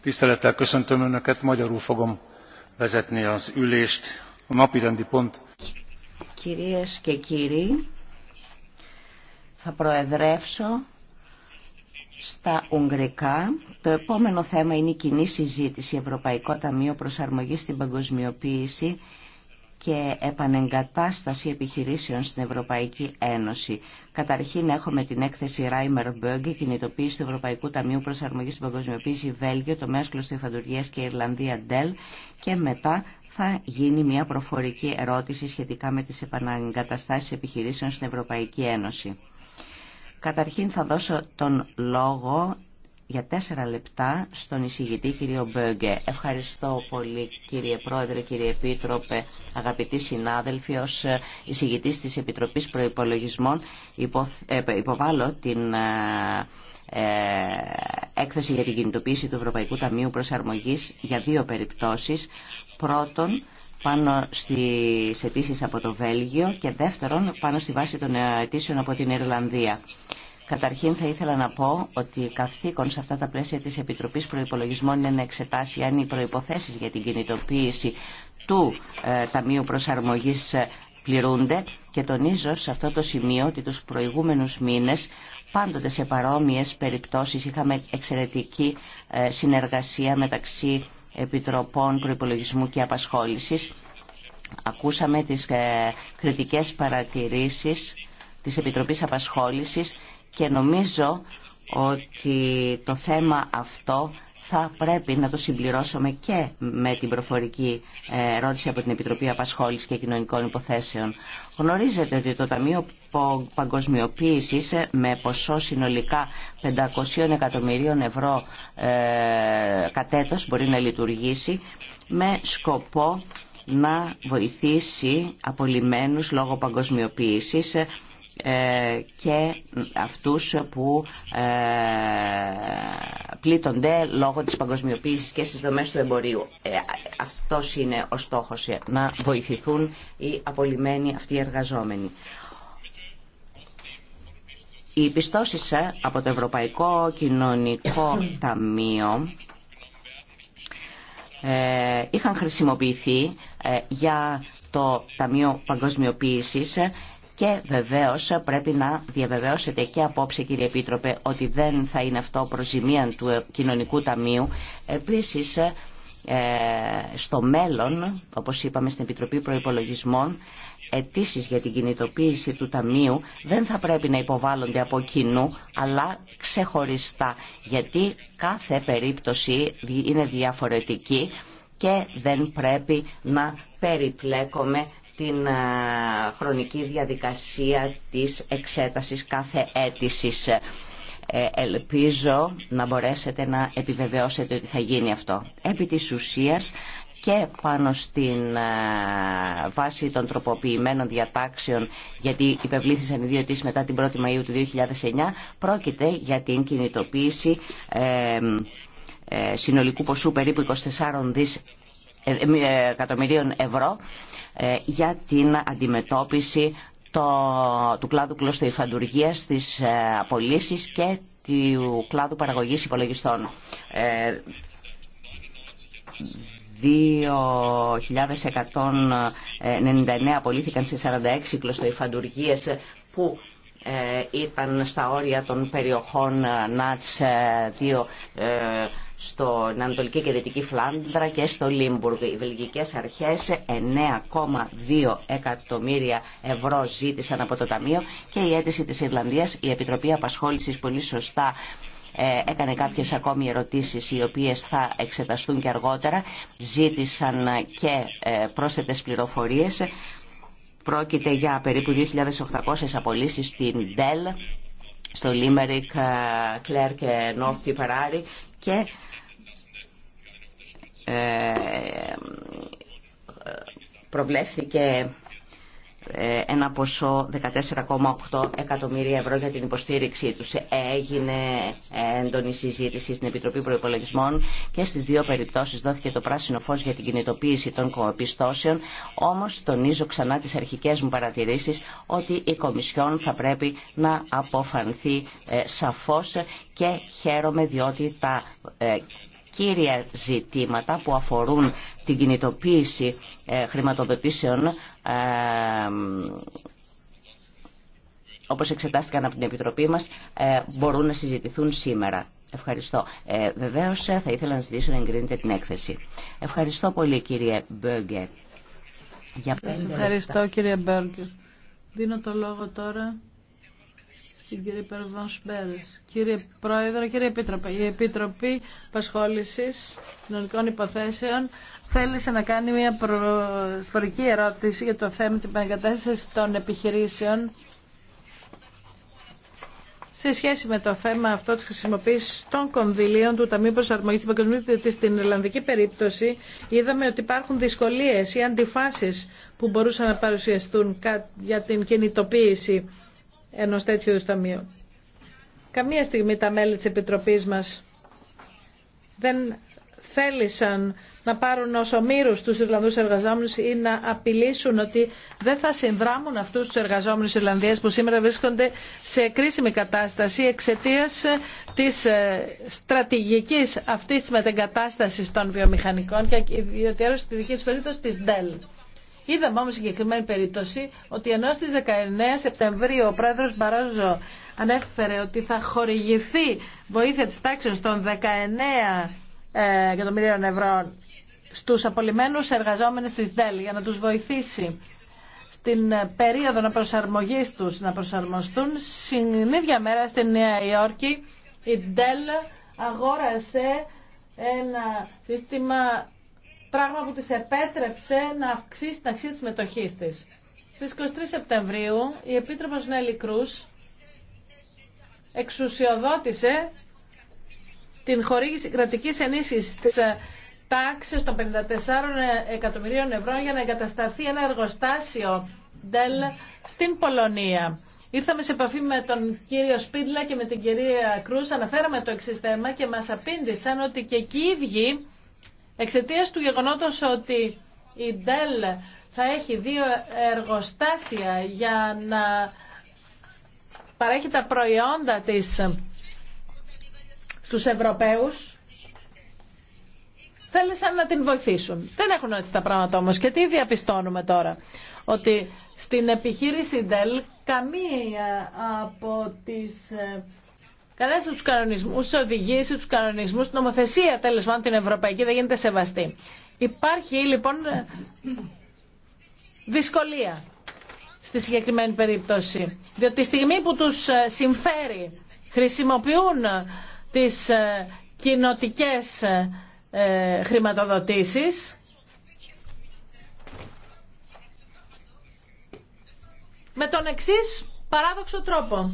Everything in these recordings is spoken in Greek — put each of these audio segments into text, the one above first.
Tisztelettel köszöntöm Önöket, magyarul fogom vezetni az ülést. A napirendi pont. Kérés, και κύριοι, θα στα Ουγγρικά. Το επόμενο θέμα είναι η κοινή συζήτηση Ευρωπαϊκό Ταμείο Προσαρμογής στην Παγκοσμιοποίηση και επανεγκατάσταση επιχειρήσεων στην Ευρωπαϊκή Ένωση. Καταρχήν έχουμε την έκθεση Reimer Böge, κινητοποίηση του Ευρωπαϊκού Ταμείου Προσαρμογής στην Παγκοσμιοποίηση Βέλγιο, το Μέσκλος τη Ιφαντουργίας και Ιρλανδία Ντέλ και μετά θα γίνει μια προφορική ερώτηση σχετικά με τι επαναγκαταστάσεις επιχειρήσεων στην Ευρωπαϊκή Ένωση. Καταρχήν θα δώσω τον λόγο για τέσσερα λεπτά στον εισηγητή κύριο Μπέγκε. Ευχαριστώ πολύ κύριε Πρόεδρε, κύριε Επίτροπε, αγαπητοί συνάδελφοι. Ως ε, εισηγητής της Επιτροπής Προϋπολογισμών ε, υποβάλλω την ε, έκθεση για την κινητοποίηση του Ευρωπαϊκού Ταμείου Προσαρμογής για δύο περιπτώσεις Πρώτον, πάνω στις αιτήσει από το Βέλγιο και δεύτερον, πάνω στη βάση των αιτήσεων από την Ιρλανδία. Καταρχήν θα ήθελα να πω ότι καθήκον σε αυτά τα πλαίσια της Επιτροπής Προϋπολογισμών είναι να εξετάσει αν οι προϋποθέσεις για την κινητοποίηση του ε, Ταμείου Προσαρμογής ε, πληρούνται και τονίζω σε αυτό το σημείο ότι τους προηγούμενους μήνες πάντοτε σε παρόμοιες περιπτώσεις είχαμε εξαιρετική ε, συνεργασία μεταξύ Επιτροπών Προϋπολογισμού και Απασχόλησης. Ακούσαμε τις ε, κριτικές παρατηρήσεις της Επιτροπής Απασχόλησης και νομίζω ότι το θέμα αυτό θα πρέπει να το συμπληρώσουμε και με την προφορική ε, ερώτηση από την Επιτροπή Απασχόλησης και Κοινωνικών Υποθέσεων. Γνωρίζετε ότι το Ταμείο παγκοσμιοποίηση ε, με ποσό συνολικά 500 εκατομμυρίων ευρώ ε, κατέτος μπορεί να λειτουργήσει με σκοπό να βοηθήσει απολυμμένους λόγω παγκοσμιοποίησης ε, και αυτούς που ε, πλήττονται λόγω της παγκοσμιοποίησης και στις δομές του εμπορίου. Ε, αυτός είναι ο στόχος, να βοηθηθούν οι απολυμμένοι αυτοί οι εργαζόμενοι. Οι πιστώσεις από το Ευρωπαϊκό Κοινωνικό Ταμείο είχαν χρησιμοποιηθεί για το Ταμείο Παγκοσμιοποίησης και βεβαίω πρέπει να διαβεβαιώσετε και απόψε, κύριε Επίτροπε, ότι δεν θα είναι αυτό προζημία του Κοινωνικού Ταμείου. Επίση, ε, στο μέλλον, όπως είπαμε στην Επιτροπή προπολογισμών, αιτήσει για την κινητοποίηση του Ταμείου δεν θα πρέπει να υποβάλλονται από κοινού, αλλά ξεχωριστά, γιατί κάθε περίπτωση είναι διαφορετική και δεν πρέπει να περιπλέκομαι την ε, χρονική διαδικασία της εξέτασης κάθε αίτησης. Ε, ελπίζω να μπορέσετε να επιβεβαιώσετε ότι θα γίνει αυτό. Επί της ουσίας και πάνω στην ε, βάση των τροποποιημένων διατάξεων, γιατί υπευλήθησαν οι δύο μετά την 1η Μαΐου του 2009, πρόκειται για την κινητοποίηση συνολικού ποσού περίπου 24 δις ε, ε, εκατομμυρίων ευρώ ε, για την αντιμετώπιση το, του κλάδου κλωστοϊφαντουργίας, της ε, και του κλάδου παραγωγής υπολογιστών. 2.199 απολύθηκαν σε 46 κλωστοϊφαντουργίες που ήταν στα όρια των περιοχών ΝΑΤΣ 2 στον Ανατολική και Δυτική Φλάνδρα και στο Λίμπουργκ. Οι βελγικές αρχές 9,2 εκατομμύρια ευρώ ζήτησαν από το Ταμείο και η αίτηση της Ιρλανδίας, η Επιτροπή Απασχόλησης πολύ σωστά ε, έκανε κάποιες ακόμη ερωτήσεις οι οποίες θα εξεταστούν και αργότερα. Ζήτησαν και ε, πρόσθετες πληροφορίες. Πρόκειται για περίπου 2.800 απολύσεις στην Dell, στο Λίμερικ, ε, Κλέρ και Νόφτι Περάρι και ε, προβλέφθηκε ε, ένα ποσό 14,8 εκατομμύρια ευρώ για την υποστήριξή τους. Έγινε έντονη συζήτηση στην Επιτροπή Προϋπολογισμών και στις δύο περιπτώσεις δόθηκε το πράσινο φως για την κινητοποίηση των κοπιστώσεων. όμως τονίζω ξανά τις αρχικές μου παρατηρήσεις ότι η Κομισιόν θα πρέπει να αποφανθεί ε, σαφώς και χαίρομαι διότι τα κύρια ζητήματα που αφορούν την κινητοποίηση ε, χρηματοδοτήσεων ε, όπως εξετάστηκαν από την Επιτροπή μας, ε, μπορούν να συζητηθούν σήμερα. Ευχαριστώ. Ε, βεβαίως θα ήθελα να ζητήσω να εγκρίνετε την έκθεση. Ευχαριστώ πολύ κύριε Μπέργκε. ευχαριστώ κύριε Μπέργκε. Δίνω το λόγο τώρα Κύριε Πρόεδρε, κύριε Επίτροπε, η Επιτροπή πασχόληση Κοινωνικών Υποθέσεων θέλησε να κάνει μια προφορική ερώτηση για το θέμα της επαναγκατάσταση των επιχειρήσεων σε σχέση με το θέμα αυτό της χρησιμοποιήση των κονδυλίων του Ταμείου Προσαρμογή τη Παγκοσμίου στην Ιρλανδική περίπτωση είδαμε ότι υπάρχουν δυσκολίε ή αντιφάσει που μπορούσαν να παρουσιαστούν για την κινητοποίηση ενό τέτοιου είδου Καμία στιγμή τα μέλη τη επιτροπή μα. δεν θέλησαν να πάρουν ως ομήρους τους Ιρλανδούς εργαζόμενους ή να απειλήσουν ότι δεν θα συνδράμουν αυτούς τους εργαζόμενους Ιρλανδίες που σήμερα βρίσκονται σε κρίσιμη κατάσταση εξαιτία της ε, στρατηγικής αυτής της μετεγκατάστασης των βιομηχανικών και ιδιαιτέρως στη δική του περίπτωση της ΔΕΛ. Είδαμε όμως συγκεκριμένη περίπτωση ότι ενώ στις 19 Σεπτεμβρίου ο πρόεδρος Μπαρόζο ανέφερε ότι θα χορηγηθεί βοήθεια της τάξης των 19 ε, εκατομμυρίων ευρώ στους απολυμμένους εργαζόμενους της ΔΕΛ για να τους βοηθήσει στην ε, περίοδο να προσαρμογής τους να προσαρμοστούν στην ίδια μέρα στη Νέα Υόρκη η ΔΕΛ αγόρασε ένα σύστημα πράγμα που της επέτρεψε να αυξήσει την αξία της μετοχής της. Στις 23 Σεπτεμβρίου η Επίτροπος Νέλη Κρούς εξουσιοδότησε την χορήγηση κρατικής ενίσχυσης της ε, τάξης των 54 ε, εκατομμυρίων ευρώ για να εγκατασταθεί ένα εργοστάσιο Dell στην Πολωνία. Ήρθαμε σε επαφή με τον κύριο Σπίτλα και με την κυρία Κρούς, αναφέραμε το εξής θέμα και μας απήντησαν ότι και εκεί οι ίδιοι Εξαιτίας του γεγονότος ότι η Dell θα έχει δύο εργοστάσια για να παρέχει τα προϊόντα της στους Ευρωπαίους, θέλησαν να την βοηθήσουν. Δεν έχουν έτσι τα πράγματα όμως. Και τι διαπιστώνουμε τώρα. Ότι στην επιχείρηση Dell καμία από τις ε, Κανένα από του κανονισμού, τι οδηγίε του κανονισμού, νομοθεσία τέλο πάντων την ευρωπαϊκή δεν γίνεται σεβαστή. Υπάρχει λοιπόν δυσκολία στη συγκεκριμένη περίπτωση. Διότι τη στιγμή που τους ε, συμφέρει χρησιμοποιούν ε, τι ε, κοινοτικέ χρηματοδοτήσεις με τον εξής παράδοξο τρόπο.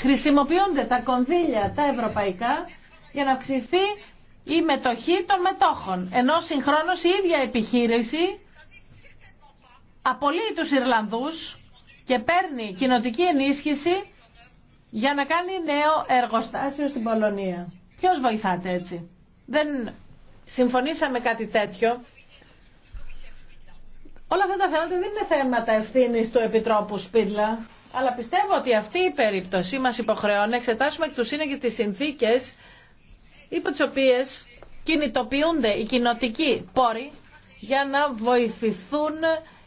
χρησιμοποιούνται τα κονδύλια τα ευρωπαϊκά για να αυξηθεί η μετοχή των μετόχων. Ενώ συγχρόνως η ίδια επιχείρηση απολύει τους Ιρλανδούς και παίρνει κοινοτική ενίσχυση για να κάνει νέο εργοστάσιο στην Πολωνία. Ποιος βοηθάτε έτσι. Δεν συμφωνήσαμε κάτι τέτοιο. Όλα αυτά τα θέματα δεν είναι θέματα ευθύνης του Επιτρόπου Σπίτλα. Αλλά πιστεύω ότι αυτή η περίπτωση μας υποχρεώνει να εξετάσουμε εκ του σύνεγγυ τις συνθήκες υπό τις οποίες κινητοποιούνται οι κοινοτικοί πόροι για να βοηθηθούν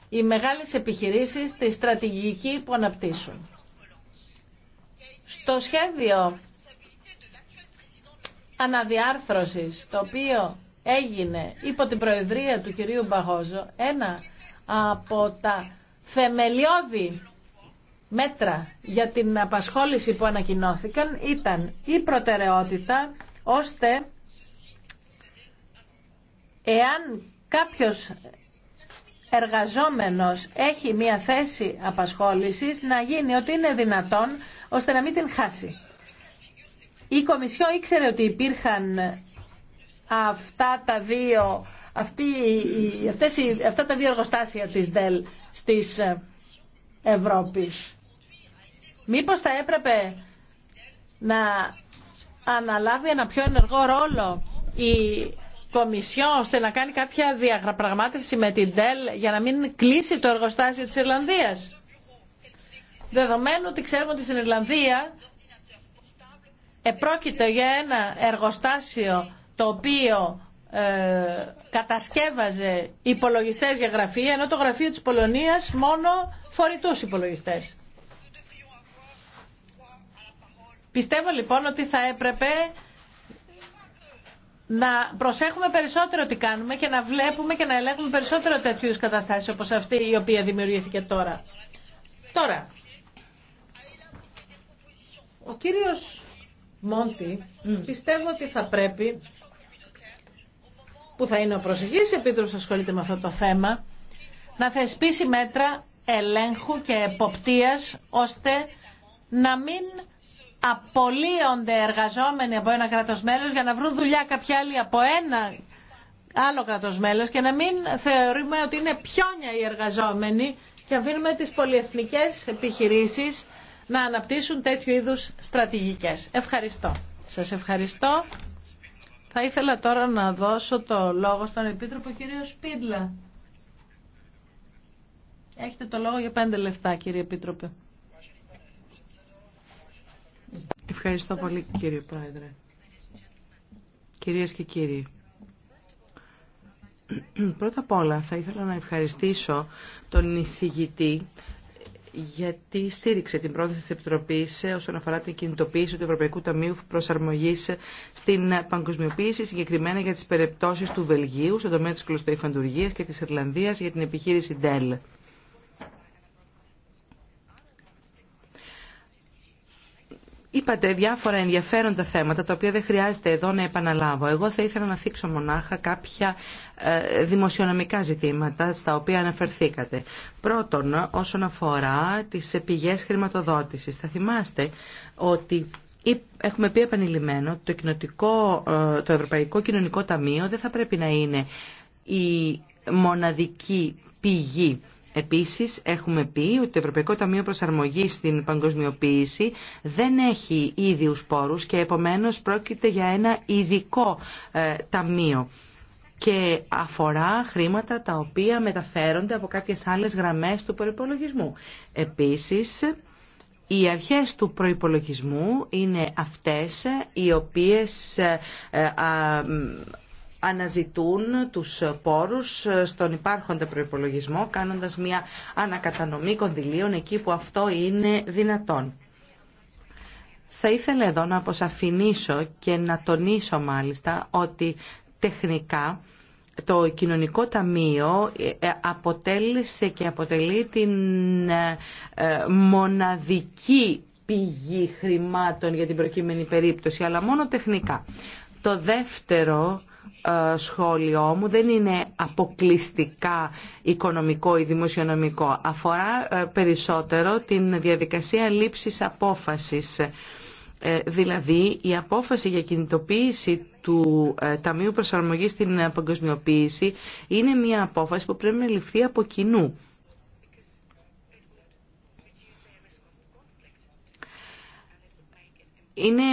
οι μεγάλες επιχειρήσεις στη στρατηγική που αναπτύσσουν. Στο σχέδιο αναδιάρθρωσης, το οποίο έγινε υπό την προεδρία του κυρίου Μπαγόζο, ένα από τα θεμελιώδη μέτρα για την απασχόληση που ανακοινώθηκαν ήταν η προτεραιότητα ώστε εάν κάποιος εργαζόμενος έχει μια θέση απασχόλησης να γίνει ότι είναι δυνατόν ώστε να μην την χάσει. Η Κομισιό ήξερε ότι υπήρχαν αυτά τα δύο, αυτή, αυτές, αυτά τα δύο εργοστάσια της ΔΕΛ στις ε, Ευρώπης. Μήπως θα έπρεπε να αναλάβει ένα πιο ενεργό ρόλο η Κομισιό ώστε να κάνει κάποια διαπραγμάτευση με την ΤΕΛ για να μην κλείσει το εργοστάσιο της Ιρλανδίας. Δεδομένου ότι ξέρουμε ότι στην Ιρλανδία επρόκειτο για ένα εργοστάσιο το οποίο ε, κατασκεύαζε υπολογιστές για γραφεία, ενώ το γραφείο της Πολωνίας μόνο φορητούς υπολογιστές. Πιστεύω λοιπόν ότι θα έπρεπε να προσέχουμε περισσότερο τι κάνουμε και να βλέπουμε και να ελέγχουμε περισσότερο τέτοιου καταστάσει όπως αυτή η οποία δημιουργήθηκε τώρα. Τώρα, ο κύριος Μόντι πιστεύω ότι θα πρέπει που θα είναι ο προσεγγής επίτροπος που ασχολείται με αυτό το θέμα να θεσπίσει μέτρα ελέγχου και εποπτείας ώστε να μην απολύονται εργαζόμενοι από ένα κράτος μέλος για να βρουν δουλειά κάποια άλλη από ένα άλλο κράτος μέλος και να μην θεωρούμε ότι είναι πιόνια οι εργαζόμενοι και αφήνουμε τις πολυεθνικές επιχειρήσεις να αναπτύσσουν τέτοιου είδους στρατηγικές. Ευχαριστώ. Σας ευχαριστώ. Θα ήθελα τώρα να δώσω το λόγο στον Επίτροπο κύριο Σπίτλα. Έχετε το λόγο για πέντε λεφτά κύριε Επίτροπε. Ευχαριστώ πολύ κύριε Πρόεδρε. Κυρίες και κύριοι. Πρώτα απ' όλα θα ήθελα να ευχαριστήσω τον εισηγητή γιατί στήριξε την πρόταση της Επιτροπής όσον αφορά την κινητοποίηση του Ευρωπαϊκού Ταμείου προσαρμογής στην παγκοσμιοποίηση, συγκεκριμένα για τις περιπτώσεις του Βελγίου, στον τομέα της κλωστοϊφαντουργίας και της Ιρλανδίας για την επιχείρηση Dell. Είπατε διάφορα ενδιαφέροντα θέματα, τα οποία δεν χρειάζεται εδώ να επαναλάβω. Εγώ θα ήθελα να θίξω μονάχα κάποια ε, δημοσιονομικά ζητήματα στα οποία αναφερθήκατε. Πρώτον, όσον αφορά τις πηγές χρηματοδότησης. Θα θυμάστε ότι έχουμε πει επανειλημμένο ότι το, ε, το Ευρωπαϊκό Κοινωνικό Ταμείο δεν θα πρέπει να είναι η μοναδική πηγή Επίσης έχουμε πει ότι το Ευρωπαϊκό Ταμείο Προσαρμογής στην Παγκοσμιοποίηση δεν έχει ίδιους πόρους και επομένως πρόκειται για ένα ειδικό ε, ταμείο και αφορά χρήματα τα οποία μεταφέρονται από κάποιες άλλες γραμμές του προϋπολογισμού. Επίσης, οι αρχές του προϋπολογισμού είναι αυτές οι οποίες ε, ε, αναζητούν τους πόρους στον υπάρχοντα προϋπολογισμό κάνοντας μια ανακατανομή κονδυλίων εκεί που αυτό είναι δυνατόν. Θα ήθελα εδώ να αποσαφηνίσω και να τονίσω μάλιστα ότι τεχνικά το κοινωνικό ταμείο ε, ε, αποτέλεσε και αποτελεί την ε, μοναδική πηγή χρημάτων για την προκείμενη περίπτωση, αλλά μόνο τεχνικά. Το δεύτερο ε, σχόλιο μου δεν είναι αποκλειστικά οικονομικό ή δημοσιονομικό. Αφορά ε, περισσότερο την διαδικασία λήψης απόφασης. Ε, δηλαδή η απόφαση για κινητοποίηση του Ταμείου Προσαρμογής στην Παγκοσμιοποίηση είναι μια απόφαση που πρέπει να ληφθεί από κοινού. είναι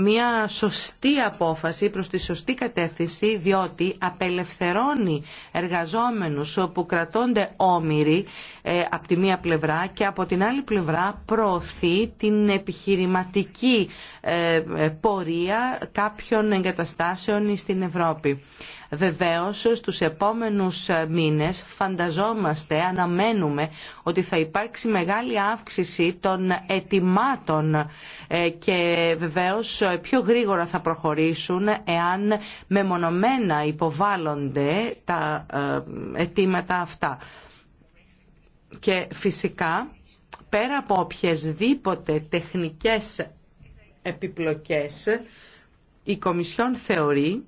μια σωστή απόφαση προς τη σωστή κατεύθυνση διότι απελευθερώνει εργαζόμενους που κρατώνται όμοιροι ε, από τη μία πλευρά και από την άλλη πλευρά προωθεί την επιχειρηματική ε, πορεία κάποιων εγκαταστάσεων στην Ευρώπη. Βεβαίως στους επόμενους μήνες φανταζόμαστε, αναμένουμε ότι θα υπάρξει μεγάλη αύξηση των ετοιμάτων ε, και βεβαίως πιο γρήγορα θα προχωρήσουν εάν μεμονωμένα υποβάλλονται τα ε, αιτήματα αυτά. Και φυσικά πέρα από οποιασδήποτε τεχνικές επιπλοκές η Κομισιόν θεωρεί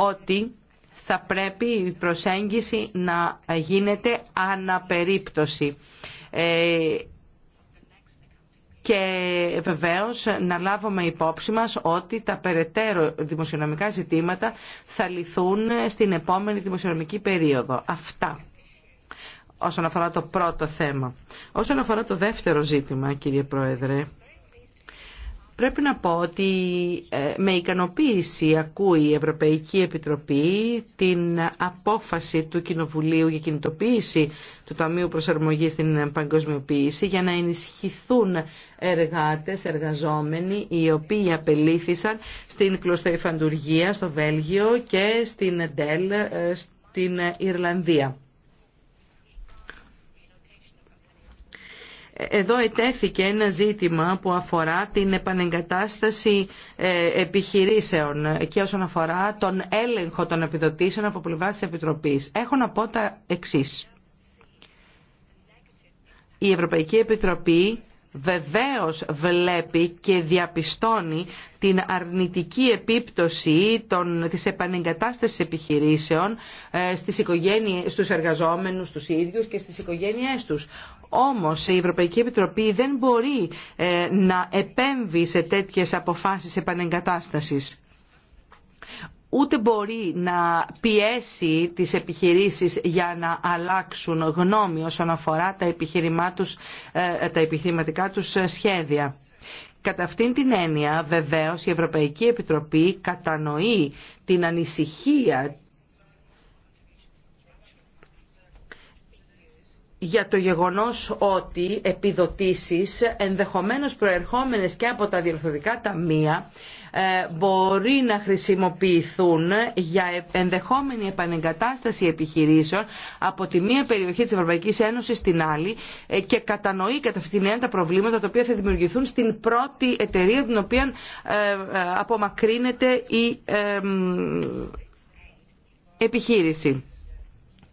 ότι θα πρέπει η προσέγγιση να γίνεται αναπερίπτωση. Ε, και βεβαίως να λάβουμε υπόψη μας ότι τα περαιτέρω δημοσιονομικά ζητήματα θα λυθούν στην επόμενη δημοσιονομική περίοδο. Αυτά όσον αφορά το πρώτο θέμα. Όσον αφορά το δεύτερο ζήτημα, κύριε Πρόεδρε, Πρέπει να πω ότι ε, με ικανοποίηση ακούει η Ευρωπαϊκή Επιτροπή την απόφαση του Κοινοβουλίου για κινητοποίηση του Ταμείου Προσαρμογής στην Παγκοσμιοποίηση για να ενισχυθούν εργάτες, εργαζόμενοι οι οποίοι απελήθησαν στην κλωστοϊφαντουργία στο Βέλγιο και στην ΕΝΤΕΛ ε, στην Ιρλανδία. Εδώ ετέθηκε ένα ζήτημα που αφορά την επανεγκατάσταση ε, επιχειρήσεων και όσον αφορά τον έλεγχο των επιδοτήσεων από πλευρά τη Επιτροπή. Έχω να πω τα εξή. Η Ευρωπαϊκή Επιτροπή βεβαίως βλέπει και διαπιστώνει την αρνητική επίπτωση των, της επανεγκατάστασης επιχειρήσεων ε, στις οικογένειες, στους εργαζόμενους, τους ίδιους και στις οικογένειές τους. Όμως η Ευρωπαϊκή Επιτροπή δεν μπορεί ε, να επέμβει σε τέτοιες αποφάσεις επανεγκατάστασης ούτε μπορεί να πιέσει τις επιχειρήσεις για να αλλάξουν γνώμη όσον αφορά τα, τους, ε, τα επιχειρηματικά τους σχέδια. Κατά αυτήν την έννοια, βεβαίως, η Ευρωπαϊκή Επιτροπή κατανοεί την ανησυχία για το γεγονός ότι επιδοτήσεις ενδεχομένως προερχόμενες και από τα διορθωτικά ταμεία ε, μπορεί να χρησιμοποιηθούν για ε, ενδεχόμενη επανεγκατάσταση επιχειρήσεων από τη μία περιοχή της Ευρωπαϊκής Ένωσης στην άλλη ε, και κατανοεί κατά αυτήν την τα προβλήματα τα οποία θα δημιουργηθούν στην πρώτη εταιρεία την οποία απομακρύνεται η επιχείρηση.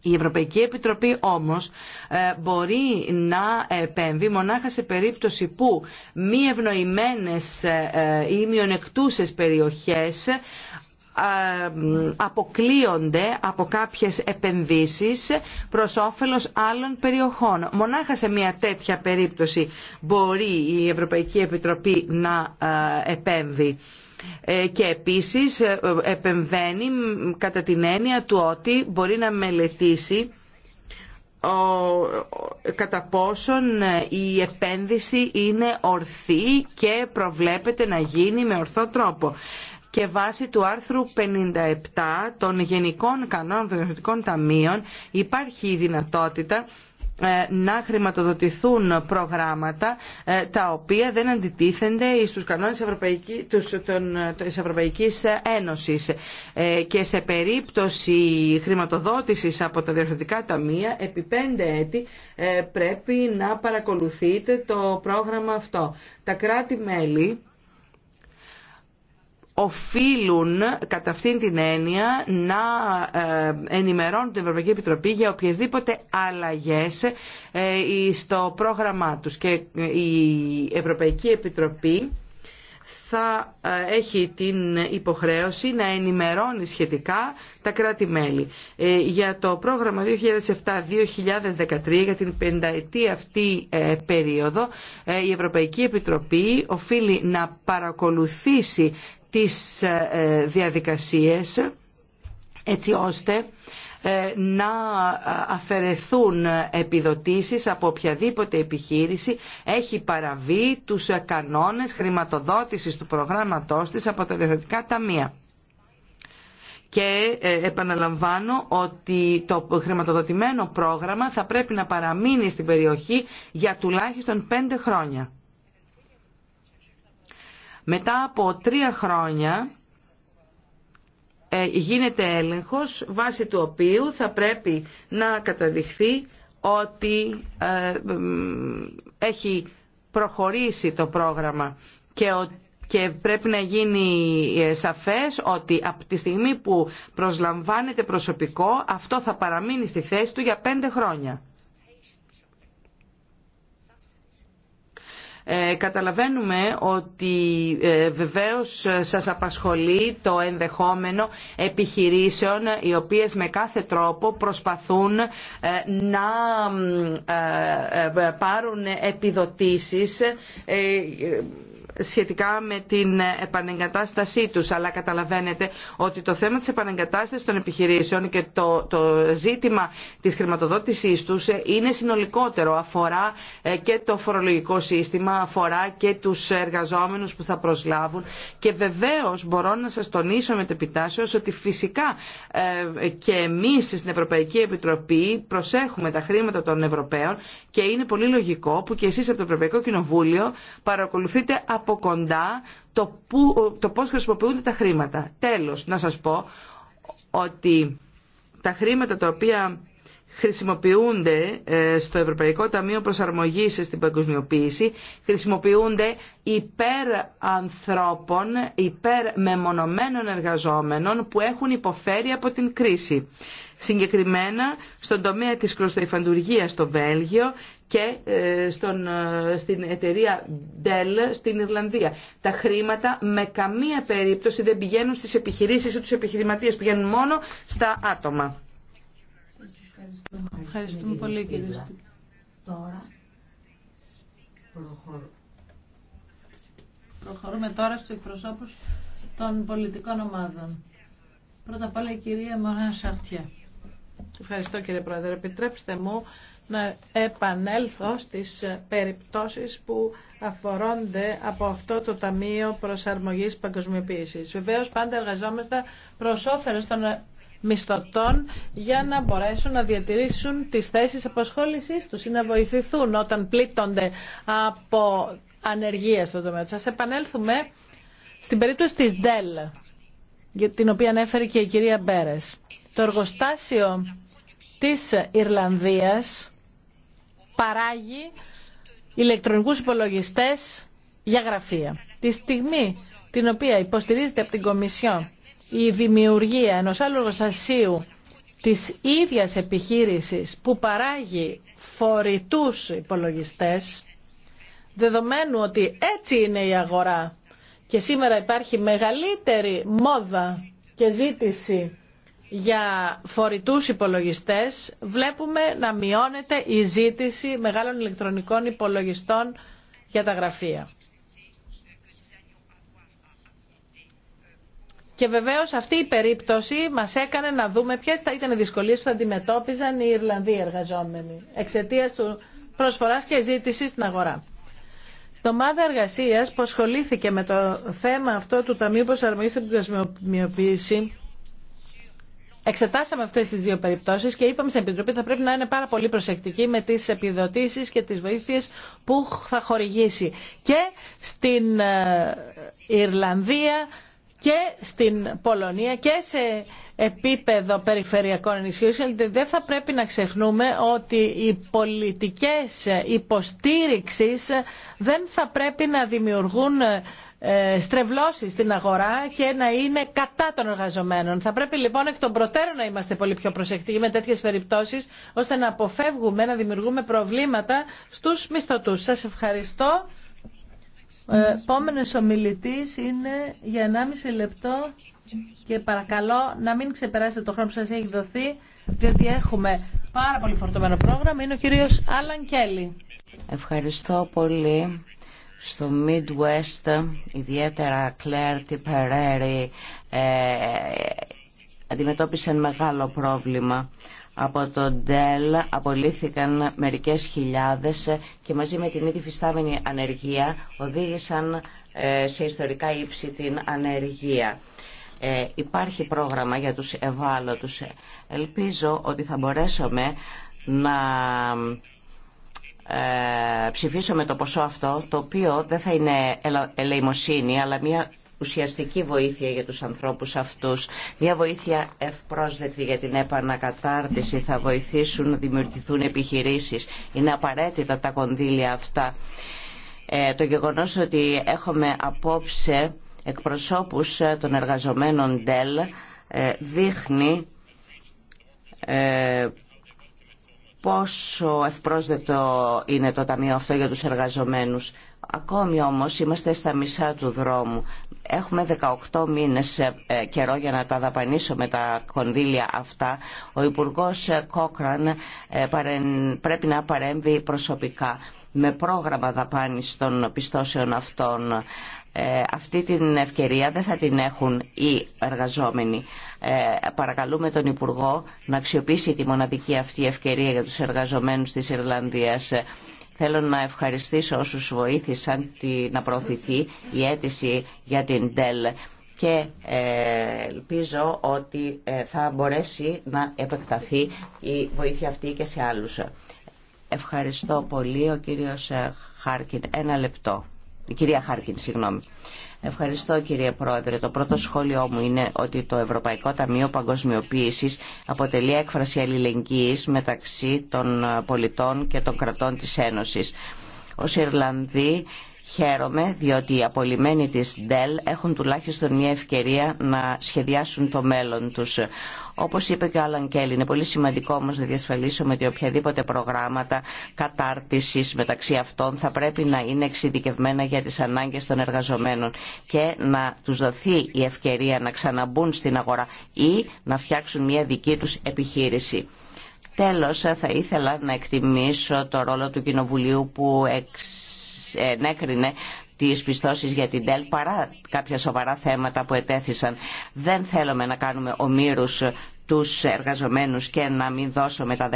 Η Ευρωπαϊκή Επιτροπή όμως ε, μπορεί να επέμβει μονάχα σε περίπτωση που μη ευνοημένες ε, ε, ή μειονεκτούσες περιοχές αποκλείονται από κάποιες επενδύσεις προς όφελος άλλων περιοχών. Μονάχα σε μια τέτοια περίπτωση μπορεί η Ευρωπαϊκή Επιτροπή να επέμβει. Ε, και επίσης ε, ε, επεμβαίνει κατά την έννοια του ότι μπορεί να μελετήσει κατά πόσον η επένδυση είναι ορθή και προβλέπεται να γίνει με ορθό τρόπο. Και βάσει του άρθρου 57 των Γενικών Κανόνων των Ταμείων υπάρχει η δυνατότητα ε, να χρηματοδοτηθούν προγράμματα ε, τα οποία δεν αντιτίθενται στους κανόνες της Ευρωπαϊκής Ένωσης ε, και σε περίπτωση χρηματοδότησης από τα διορθωτικά ταμεία επί πέντε έτη πρέπει να παρακολουθείτε το πρόγραμμα αυτό. Τα κράτη-μέλη οφείλουν κατά αυτήν την έννοια να ε, ενημερώνουν την Ευρωπαϊκή Επιτροπή για οποιασδήποτε αλλαγές ε, στο πρόγραμμά τους. Και ε, η Ευρωπαϊκή Επιτροπή θα έχει την υποχρέωση να ενημερώνει σχετικά τα κράτη-μέλη. Για το πρόγραμμα 2007-2013, για την πενταετή αυτή περίοδο, η Ευρωπαϊκή Επιτροπή οφείλει να παρακολουθήσει τις ε, ε, διαδικασίες έτσι ώστε ε, να αφαιρεθούν επιδοτήσεις από οποιαδήποτε επιχείρηση έχει παραβεί τους κανόνες χρηματοδότησης του προγράμματός της από τα διαθετικά ταμεία. Και επαναλαμβάνω ότι το χρηματοδοτημένο πρόγραμμα θα πρέπει να παραμείνει στην περιοχή για τουλάχιστον πέντε χρόνια. Μετά από τρία χρόνια ε, γίνεται έλεγχος βάσει του οποίου θα πρέπει να καταδειχθεί ότι ε, έχει προχωρήσει το πρόγραμμα και και πρέπει να γίνει ε, σαφές ότι από τη στιγμή που προσλαμβάνεται προσωπικό αυτό θα παραμείνει στη θέση του για πέντε χρόνια. Ε, καταλαβαίνουμε ότι ε, βεβαίως σας απασχολεί το ενδεχόμενο επιχειρήσεων οι οποίες με κάθε τρόπο προσπαθούν ε, να πάρουν επιδοτήσεις σχετικά με την επανεγκατάστασή τους. Αλλά καταλαβαίνετε ότι το θέμα της επανεγκατάστασης των επιχειρήσεων και το, το ζήτημα της χρηματοδότησής τους είναι συνολικότερο. Αφορά ε, και το φορολογικό σύστημα, αφορά και τους εργαζόμενους που θα προσλάβουν. Και βεβαίως μπορώ να σας τονίσω με τεπιτάσεως ότι φυσικά ε, και εμείς στην Ευρωπαϊκή Επιτροπή προσέχουμε τα χρήματα των Ευρωπαίων και είναι πολύ λογικό που και εσείς από το Ευρωπαϊκό Κοινοβούλιο παρακολουθείτε από κοντά το, που, το πώς χρησιμοποιούνται τα χρήματα. Τέλος, να σας πω ότι τα χρήματα τα οποία χρησιμοποιούνται ε, στο Ευρωπαϊκό Ταμείο Προσαρμογής στην Παγκοσμιοποίηση, χρησιμοποιούνται υπέρ ανθρώπων, υπέρ μεμονωμένων εργαζόμενων που έχουν υποφέρει από την κρίση. Συγκεκριμένα στον τομέα της κλωστοϊφαντουργίας στο Βέλγιο και ε, στον, ε, στην εταιρεία Dell στην Ιρλανδία. Τα χρήματα με καμία περίπτωση δεν πηγαίνουν στις επιχειρήσεις ή τους επιχειρηματίες, πηγαίνουν μόνο στα άτομα. Ευχαριστούμε, Ευχαριστούμε πολύ κύριε Τώρα προχωρούμε. Προχωρούμε τώρα στους εκπροσώπους των πολιτικών ομάδων. Πρώτα απ' όλα η κυρία ατομα ευχαριστουμε πολυ Σαρτιά. Ευχαριστώ κύριε Πρόεδρε. Επιτρέψτε μου να επανέλθω στις περιπτώσεις που αφορώνται από αυτό το Ταμείο Προσαρμογής Παγκοσμιοποίησης. Βεβαίως πάντα εργαζόμαστε προς όφελος των μισθωτών για να μπορέσουν να διατηρήσουν τις θέσεις αποσχόλησης τους ή να βοηθηθούν όταν πλήττονται από ανεργία στον τομέα τους. Ας επανέλθουμε στην περίπτωση της ΔΕΛ, για την οποία ανέφερε και η κυρία Μπέρες. Το εργοστάσιο της Ιρλανδίας παράγει ηλεκτρονικούς υπολογιστές για γραφεία. Τη στιγμή την οποία υποστηρίζεται από την Κομισιόν η δημιουργία ενός άλλου εργοστασίου της ίδιας επιχείρησης που παράγει φορητούς υπολογιστές, δεδομένου ότι έτσι είναι η αγορά και σήμερα υπάρχει μεγαλύτερη μόδα και ζήτηση για φορητούς υπολογιστές βλέπουμε να μειώνεται η ζήτηση μεγάλων ηλεκτρονικών υπολογιστών για τα γραφεία. Και βεβαίως αυτή η περίπτωση μας έκανε να δούμε ποιες θα ήταν οι δυσκολίες που αντιμετώπιζαν οι Ιρλανδοί εργαζόμενοι εξαιτίας του προσφοράς και ζήτησης στην αγορά. Το ομάδα εργασίας που ασχολήθηκε με το θέμα αυτό του Ταμείου Προσαρμογής και Παγκοσμιοποίηση Εξετάσαμε αυτέ τι δύο περιπτώσει και είπαμε στην Επιτροπή ότι θα πρέπει να είναι πάρα πολύ προσεκτική με τι επιδοτήσει και τι βοήθειε που θα χορηγήσει και στην ε, Ιρλανδία και στην Πολωνία και σε επίπεδο περιφερειακών ενισχύσεων δεν θα πρέπει να ξεχνούμε ότι οι πολιτικές υποστήριξης δεν θα πρέπει να δημιουργούν ε, στρεβλώσει στην αγορά και να είναι κατά των εργαζομένων. Θα πρέπει λοιπόν εκ των προτέρων να είμαστε πολύ πιο προσεκτικοί με τέτοιες περιπτώσει, ώστε να αποφεύγουμε να δημιουργούμε προβλήματα στους μισθωτού. Σας ευχαριστώ. Ε, επόμενος ομιλητής είναι για 1,5 λεπτό και παρακαλώ να μην ξεπεράσετε το χρόνο που σας έχει δοθεί διότι έχουμε πάρα πολύ φορτωμένο πρόγραμμα. Είναι ο κύριος Άλαν Κέλλη. Ευχαριστώ πολύ στο Midwest, ιδιαίτερα κλέρ και Περέρι, αντιμετώπισαν μεγάλο πρόβλημα. Από το ΝΤΕΛ απολύθηκαν μερικές χιλιάδες και μαζί με την ήδη φυστάμενη ανεργία οδήγησαν ε, σε ιστορικά ύψη την ανεργία. Ε, υπάρχει πρόγραμμα για τους ευάλωτους. Ελπίζω ότι θα μπορέσουμε να ε, με το ποσό αυτό, το οποίο δεν θα είναι ελεημοσύνη, αλλά μια ουσιαστική βοήθεια για τους ανθρώπους αυτούς. Μια βοήθεια ευπρόσδεκτη για την επανακατάρτιση θα βοηθήσουν να δημιουργηθούν επιχειρήσεις. Είναι απαραίτητα τα κονδύλια αυτά. Ε, το γεγονός ότι έχουμε απόψε εκπροσώπους ε, των εργαζομένων ΔΕΛ δείχνει πόσο ευπρόσδετο είναι το ταμείο αυτό για τους εργαζομένους. Ακόμη όμως είμαστε στα μισά του δρόμου. Έχουμε 18 μήνες ε, ε, καιρό για να τα δαπανίσουμε τα κονδύλια αυτά. Ο Υπουργός ε, Κόκραν πρέπει να παρέμβει προσωπικά με πρόγραμμα δαπάνης των πιστώσεων αυτών. Αυτή την ευκαιρία δεν θα την έχουν οι εργαζόμενοι. Ε, παρακαλούμε τον Υπουργό να αξιοποιήσει τη μοναδική αυτή ευκαιρία για τους εργαζομένους της Ιρλανδίας. Ε, θέλω να ευχαριστήσω όσους βοήθησαν να προωθηθεί η αίτηση για την ΔΕΛ και ε, ελπίζω ότι θα μπορέσει να επεκταθεί η βοήθεια αυτή και σε άλλους. Ευχαριστώ πολύ ο κύριος Χάρκιν. Ένα λεπτό. Η κυρία Χάρκιν, συγγνώμη. Ευχαριστώ κύριε Πρόεδρε. Το πρώτο σχόλιο μου είναι ότι το Ευρωπαϊκό Ταμείο Παγκοσμιοποίησης αποτελεί έκφραση αλληλεγγύης μεταξύ των πολιτών και των κρατών της Ένωσης. Ως Ιρλανδοί Χαίρομαι διότι οι απολυμμένοι της ΔΕΛ έχουν τουλάχιστον μια ευκαιρία να σχεδιάσουν το μέλλον τους. Όπως είπε και ο Άλαν Κέλλη, είναι πολύ σημαντικό όμως να διασφαλίσουμε ότι οποιαδήποτε προγράμματα κατάρτισης μεταξύ αυτών θα πρέπει να είναι εξειδικευμένα για τις ανάγκες των εργαζομένων και να τους δοθεί η ευκαιρία να ξαναμπούν στην αγορά ή να φτιάξουν μια δική τους επιχείρηση. Τέλος, θα ήθελα να εκτιμήσω το ρόλο του Κοινοβουλίου που ενέκρινε τις πιστώσεις για την ΤΕΛ παρά κάποια σοβαρά θέματα που ετέθησαν. Δεν θέλουμε να κάνουμε ομήρους τους εργαζομένους και να μην δώσουμε τα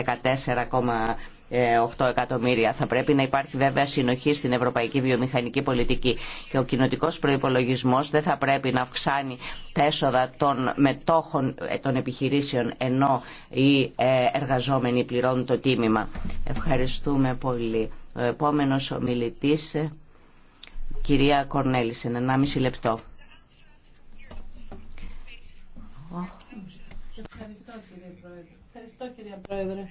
14,8 εκατομμύρια. Θα πρέπει να υπάρχει βέβαια συνοχή στην ευρωπαϊκή βιομηχανική πολιτική και ο κοινοτικός προϋπολογισμός δεν θα πρέπει να αυξάνει τα έσοδα των μετόχων ε, των επιχειρήσεων ενώ οι ε, εργαζόμενοι πληρώνουν το τίμημα. Ευχαριστούμε πολύ. Ο επόμενος ομιλητής, ε, κυρία σε 1,5 λεπτό. Ευχαριστώ κύριε Πρόεδρε.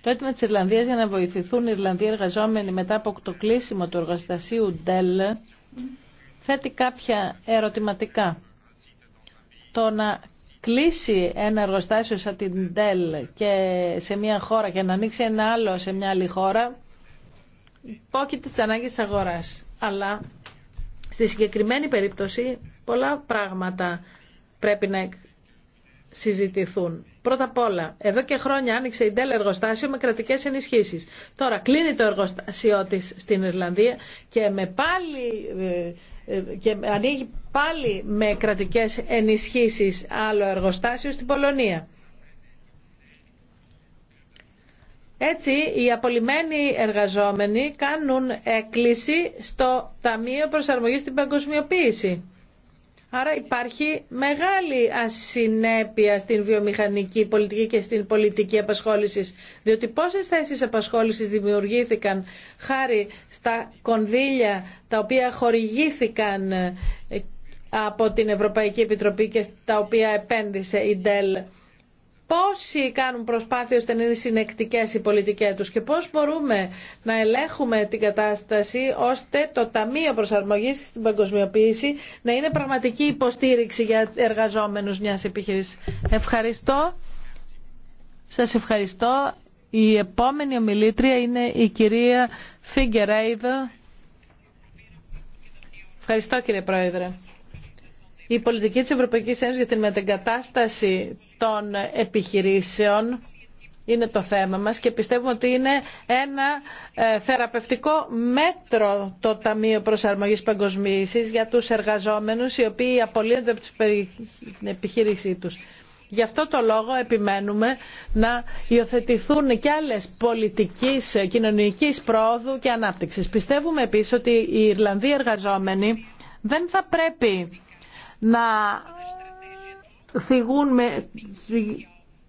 Το αίτημα της Ιρλανδίας για να βοηθηθούν οι Ιρλανδοί εργαζόμενοι μετά από το κλείσιμο του εργαστασίου Dell θέτει κάποια ερωτηματικά. Το να κλείσει ένα εργοστάσιο σαν την Dell και σε μια χώρα και να ανοίξει ένα άλλο σε μια άλλη χώρα, υπόκειται τι ανάγκες τη αγοράς. Αλλά στη συγκεκριμένη περίπτωση πολλά πράγματα πρέπει να συζητηθούν. Πρώτα απ' όλα, εδώ και χρόνια άνοιξε η Dell εργοστάσιο με κρατικές ενισχύσεις. Τώρα κλείνει το εργοστάσιο της στην Ιρλανδία και με πάλι ε, ε, και ανοίγει πάλι με κρατικές ενισχύσεις άλλο εργοστάσιο στην Πολωνία. Έτσι, οι απολυμμένοι εργαζόμενοι κάνουν έκκληση στο Ταμείο Προσαρμογής στην Παγκοσμιοποίηση. Άρα υπάρχει μεγάλη ασυνέπεια στην βιομηχανική πολιτική και στην πολιτική απασχόλησης, διότι πόσες θέσεις απασχόλησης δημιουργήθηκαν χάρη στα κονδύλια τα οποία χορηγήθηκαν ε, από την Ευρωπαϊκή Επιτροπή και τα οποία επένδυσε η ΔΕΛ πόσοι κάνουν προσπάθειες ώστε να είναι συνεκτικές οι πολιτικές τους και πώς μπορούμε να ελέγχουμε την κατάσταση ώστε το Ταμείο Προσαρμογής στην Παγκοσμιοποίηση να είναι πραγματική υποστήριξη για εργαζόμενους μιας επιχείρησης. Ευχαριστώ. Σας ευχαριστώ. Η επόμενη ομιλήτρια είναι η κυρία Φίγκερέιδο. Ευχαριστώ κύριε Πρόεδρε η πολιτική της Ευρωπαϊκής Ένωσης για την μετεγκατάσταση των επιχειρήσεων είναι το θέμα μας και πιστεύουμε ότι είναι ένα ε, θεραπευτικό μέτρο το Ταμείο Προσαρμογής Παγκοσμίησης για τους εργαζόμενους οι οποίοι απολύονται από την επιχείρησή τους. Γι' αυτό το λόγο επιμένουμε να υιοθετηθούν και άλλες πολιτικής, ε, κοινωνικής πρόοδου και ανάπτυξης. Πιστεύουμε επίσης ότι οι Ιρλανδοί εργαζόμενοι δεν θα πρέπει να θυγούν με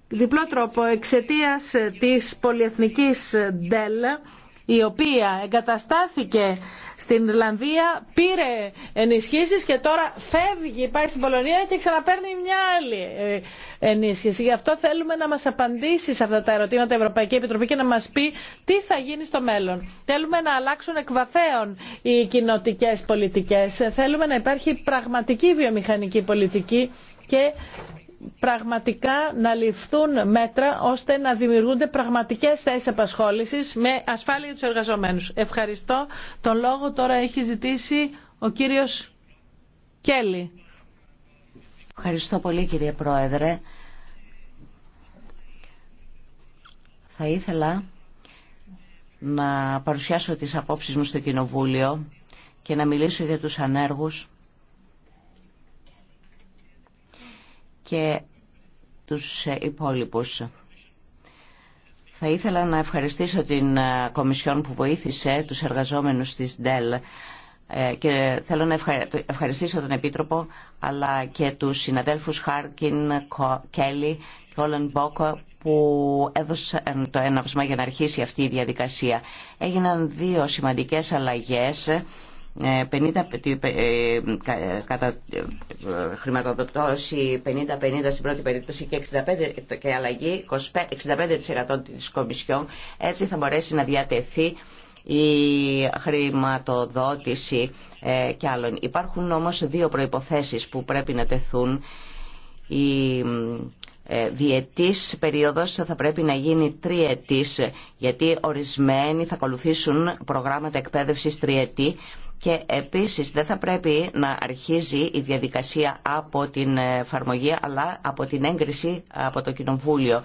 διπλό τρόπο εξαιτίας της πολυεθνικής Dell η οποία εγκαταστάθηκε στην Ιρλανδία, πήρε ενισχύσεις και τώρα φεύγει, πάει στην Πολωνία και ξαναπαίρνει μια άλλη ε, ενίσχυση. Γι' αυτό θέλουμε να μας απαντήσει σε αυτά τα ερωτήματα η Ευρωπαϊκή Επιτροπή και να μας πει τι θα γίνει στο μέλλον. Θέλουμε να αλλάξουν εκβαθέων οι κοινοτικέ πολιτικές. Θέλουμε να υπάρχει πραγματική βιομηχανική πολιτική και πραγματικά να ληφθούν μέτρα ώστε να δημιουργούνται πραγματικές θέσεις απασχόλησης με ασφάλεια τους εργαζομένους. Ευχαριστώ. Τον λόγο τώρα έχει ζητήσει ο κύριος Κέλλη. Ευχαριστώ πολύ κύριε Πρόεδρε. Θα ήθελα να παρουσιάσω τις απόψεις μου στο Κοινοβούλιο και να μιλήσω για τους ανέργους και τους υπόλοιπους. Θα ήθελα να ευχαριστήσω την ε, Κομισιόν που βοήθησε τους εργαζόμενους της ΔΕΛ ε, και θέλω να ευχαριστήσω τον Επίτροπο αλλά και τους συναδέλφους Χάρκιν, Κέλλη και Όλεν Μπόκο που έδωσαν το έναυσμα για να αρχίσει αυτή η διαδικασία. Έγιναν δύο σημαντικές αλλαγές ε, ε, κατά ε, χρηματοδοτώσει 50-50 στην πρώτη περίπτωση και, 65, και αλλαγή 65% της Κομισιόν. Έτσι θα μπορέσει να διατεθεί η χρηματοδότηση και άλλων. Υπάρχουν όμως δύο προϋποθέσεις που πρέπει να τεθούν. Η διετής περίοδος θα πρέπει να γίνει τριετής, γιατί ορισμένοι θα ακολουθήσουν προγράμματα εκπαίδευσης τριετή, και επίσης δεν θα πρέπει να αρχίζει η διαδικασία από την εφαρμογή αλλά από την έγκριση από το Κοινοβούλιο.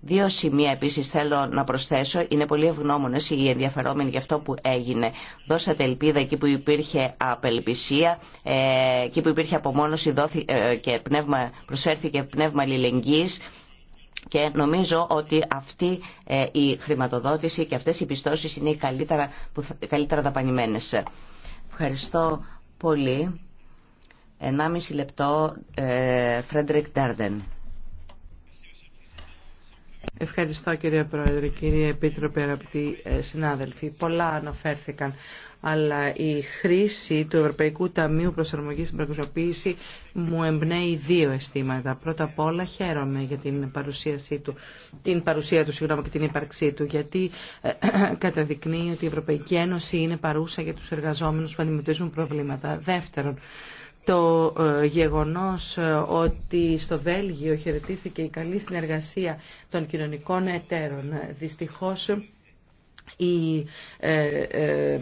Δύο σημεία επίσης θέλω να προσθέσω. Είναι πολύ ευγνώμονες οι ενδιαφερόμενοι για αυτό που έγινε. Δώσατε ελπίδα εκεί που υπήρχε απελπισία, ε, εκεί που υπήρχε απομόνωση ε, και πνεύμα, προσφέρθηκε πνεύμα αλληλεγγύης και νομίζω ότι αυτή ε, η χρηματοδότηση και αυτές οι πιστώσεις είναι οι καλύτερα, καλύτερα Ευχαριστώ πολύ. 1,5 λεπτό, ε, Φρέντρικ Ντάρντεν. Ευχαριστώ κύριε Πρόεδρε, κύριε Επίτροπε, αγαπητοί ε, συνάδελφοι. Πολλά αναφέρθηκαν αλλά η χρήση του Ευρωπαϊκού Ταμείου Προσαρμογής στην Πραγματοποίηση μου εμπνέει δύο αισθήματα. Πρώτα απ' όλα χαίρομαι για την, παρουσίασή του, την παρουσία του συγγνώμη, και την ύπαρξή του, γιατί ε, καταδεικνύει ότι η Ευρωπαϊκή Ένωση είναι παρούσα για τους εργαζόμενους που αντιμετωπίζουν προβλήματα. Δεύτερον, το ε, γεγονός ε, ότι στο Βέλγιο χαιρετήθηκε η καλή συνεργασία των κοινωνικών εταίρων. Δυστυχώς η ε, ε,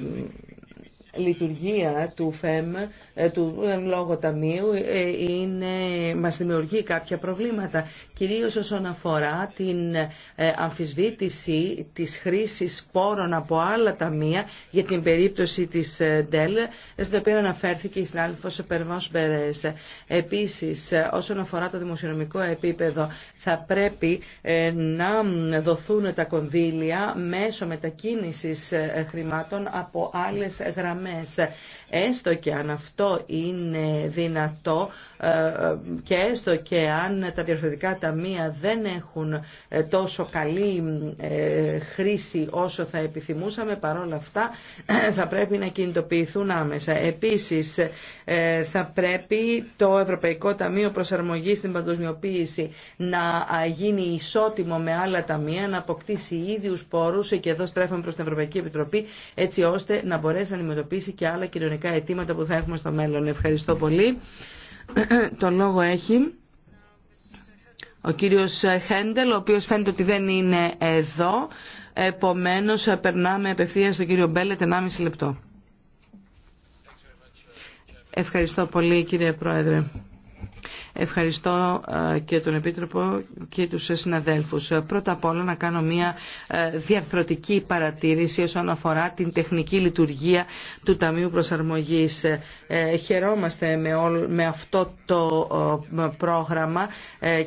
λειτουργία του ΦΕΜ ε, του ε, λόγω ταμείου ε, είναι, μας δημιουργεί κάποια προβλήματα, κυρίως όσον αφορά την αμφισβήτηση της χρήσης πόρων από άλλα ταμεία για την περίπτωση της ΔΕΛ, στην οποία αναφέρθηκε η συνάδελφος Περβάς Μπερές. Επίσης, όσον αφορά το δημοσιονομικό επίπεδο, θα πρέπει να δοθούν τα κονδύλια μέσω μετακίνησης χρημάτων από άλλες γραμμές. Έστω και αν αυτό είναι δυνατό ε, ε, και έστω και αν τα διορθωτικά ταμεία δεν έχουν ε, τόσο καλή χρήση όσο θα επιθυμούσαμε, παρόλα αυτά θα πρέπει να κινητοποιηθούν άμεσα. Επίσης θα πρέπει το Ευρωπαϊκό Ταμείο Προσαρμογής στην Παγκοσμιοποίηση να γίνει ισότιμο με άλλα ταμεία, να αποκτήσει ίδιους πόρους και εδώ στρέφουμε προς την Ευρωπαϊκή Επιτροπή έτσι ώστε να μπορέσει να αντιμετωπίσει και άλλα κοινωνικά αιτήματα που θα έχουμε στο μέλλον. Ευχαριστώ πολύ. Το λόγο έχει ο κύριος Χέντελ, ο οποίος φαίνεται ότι δεν είναι εδώ. Επομένως, περνάμε απευθείας στον κύριο Μπέλετ, 1,5 λεπτό. Uh, Ευχαριστώ πολύ κύριε Πρόεδρε. Ευχαριστώ ε, και τον Επίτροπο και τους συναδέλφους. Ε, πρώτα απ' όλα να κάνω μια ε, διαρθρωτική παρατήρηση όσον αφορά την τεχνική λειτουργία του Ταμείου Προσαρμογής. Χαιρόμαστε με αυτό το πρόγραμμα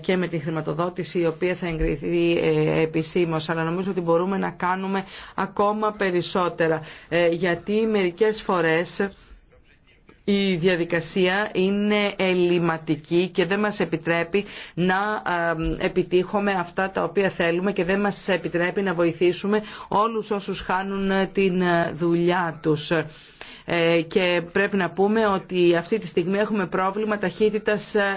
και με την χρηματοδότηση η οποία θα εγκριθεί επισήμως, αλλά νομίζω ότι μπορούμε να κάνουμε ακόμα περισσότερα, γιατί μερικές φορές η διαδικασία είναι ελληματική και δεν μας επιτρέπει να επιτύχουμε αυτά τα οποία θέλουμε και δεν μας επιτρέπει να βοηθήσουμε όλους όσους χάνουν την δουλειά τους. Ε, και πρέπει να πούμε ότι αυτή τη στιγμή έχουμε πρόβλημα ταχύτητας ε,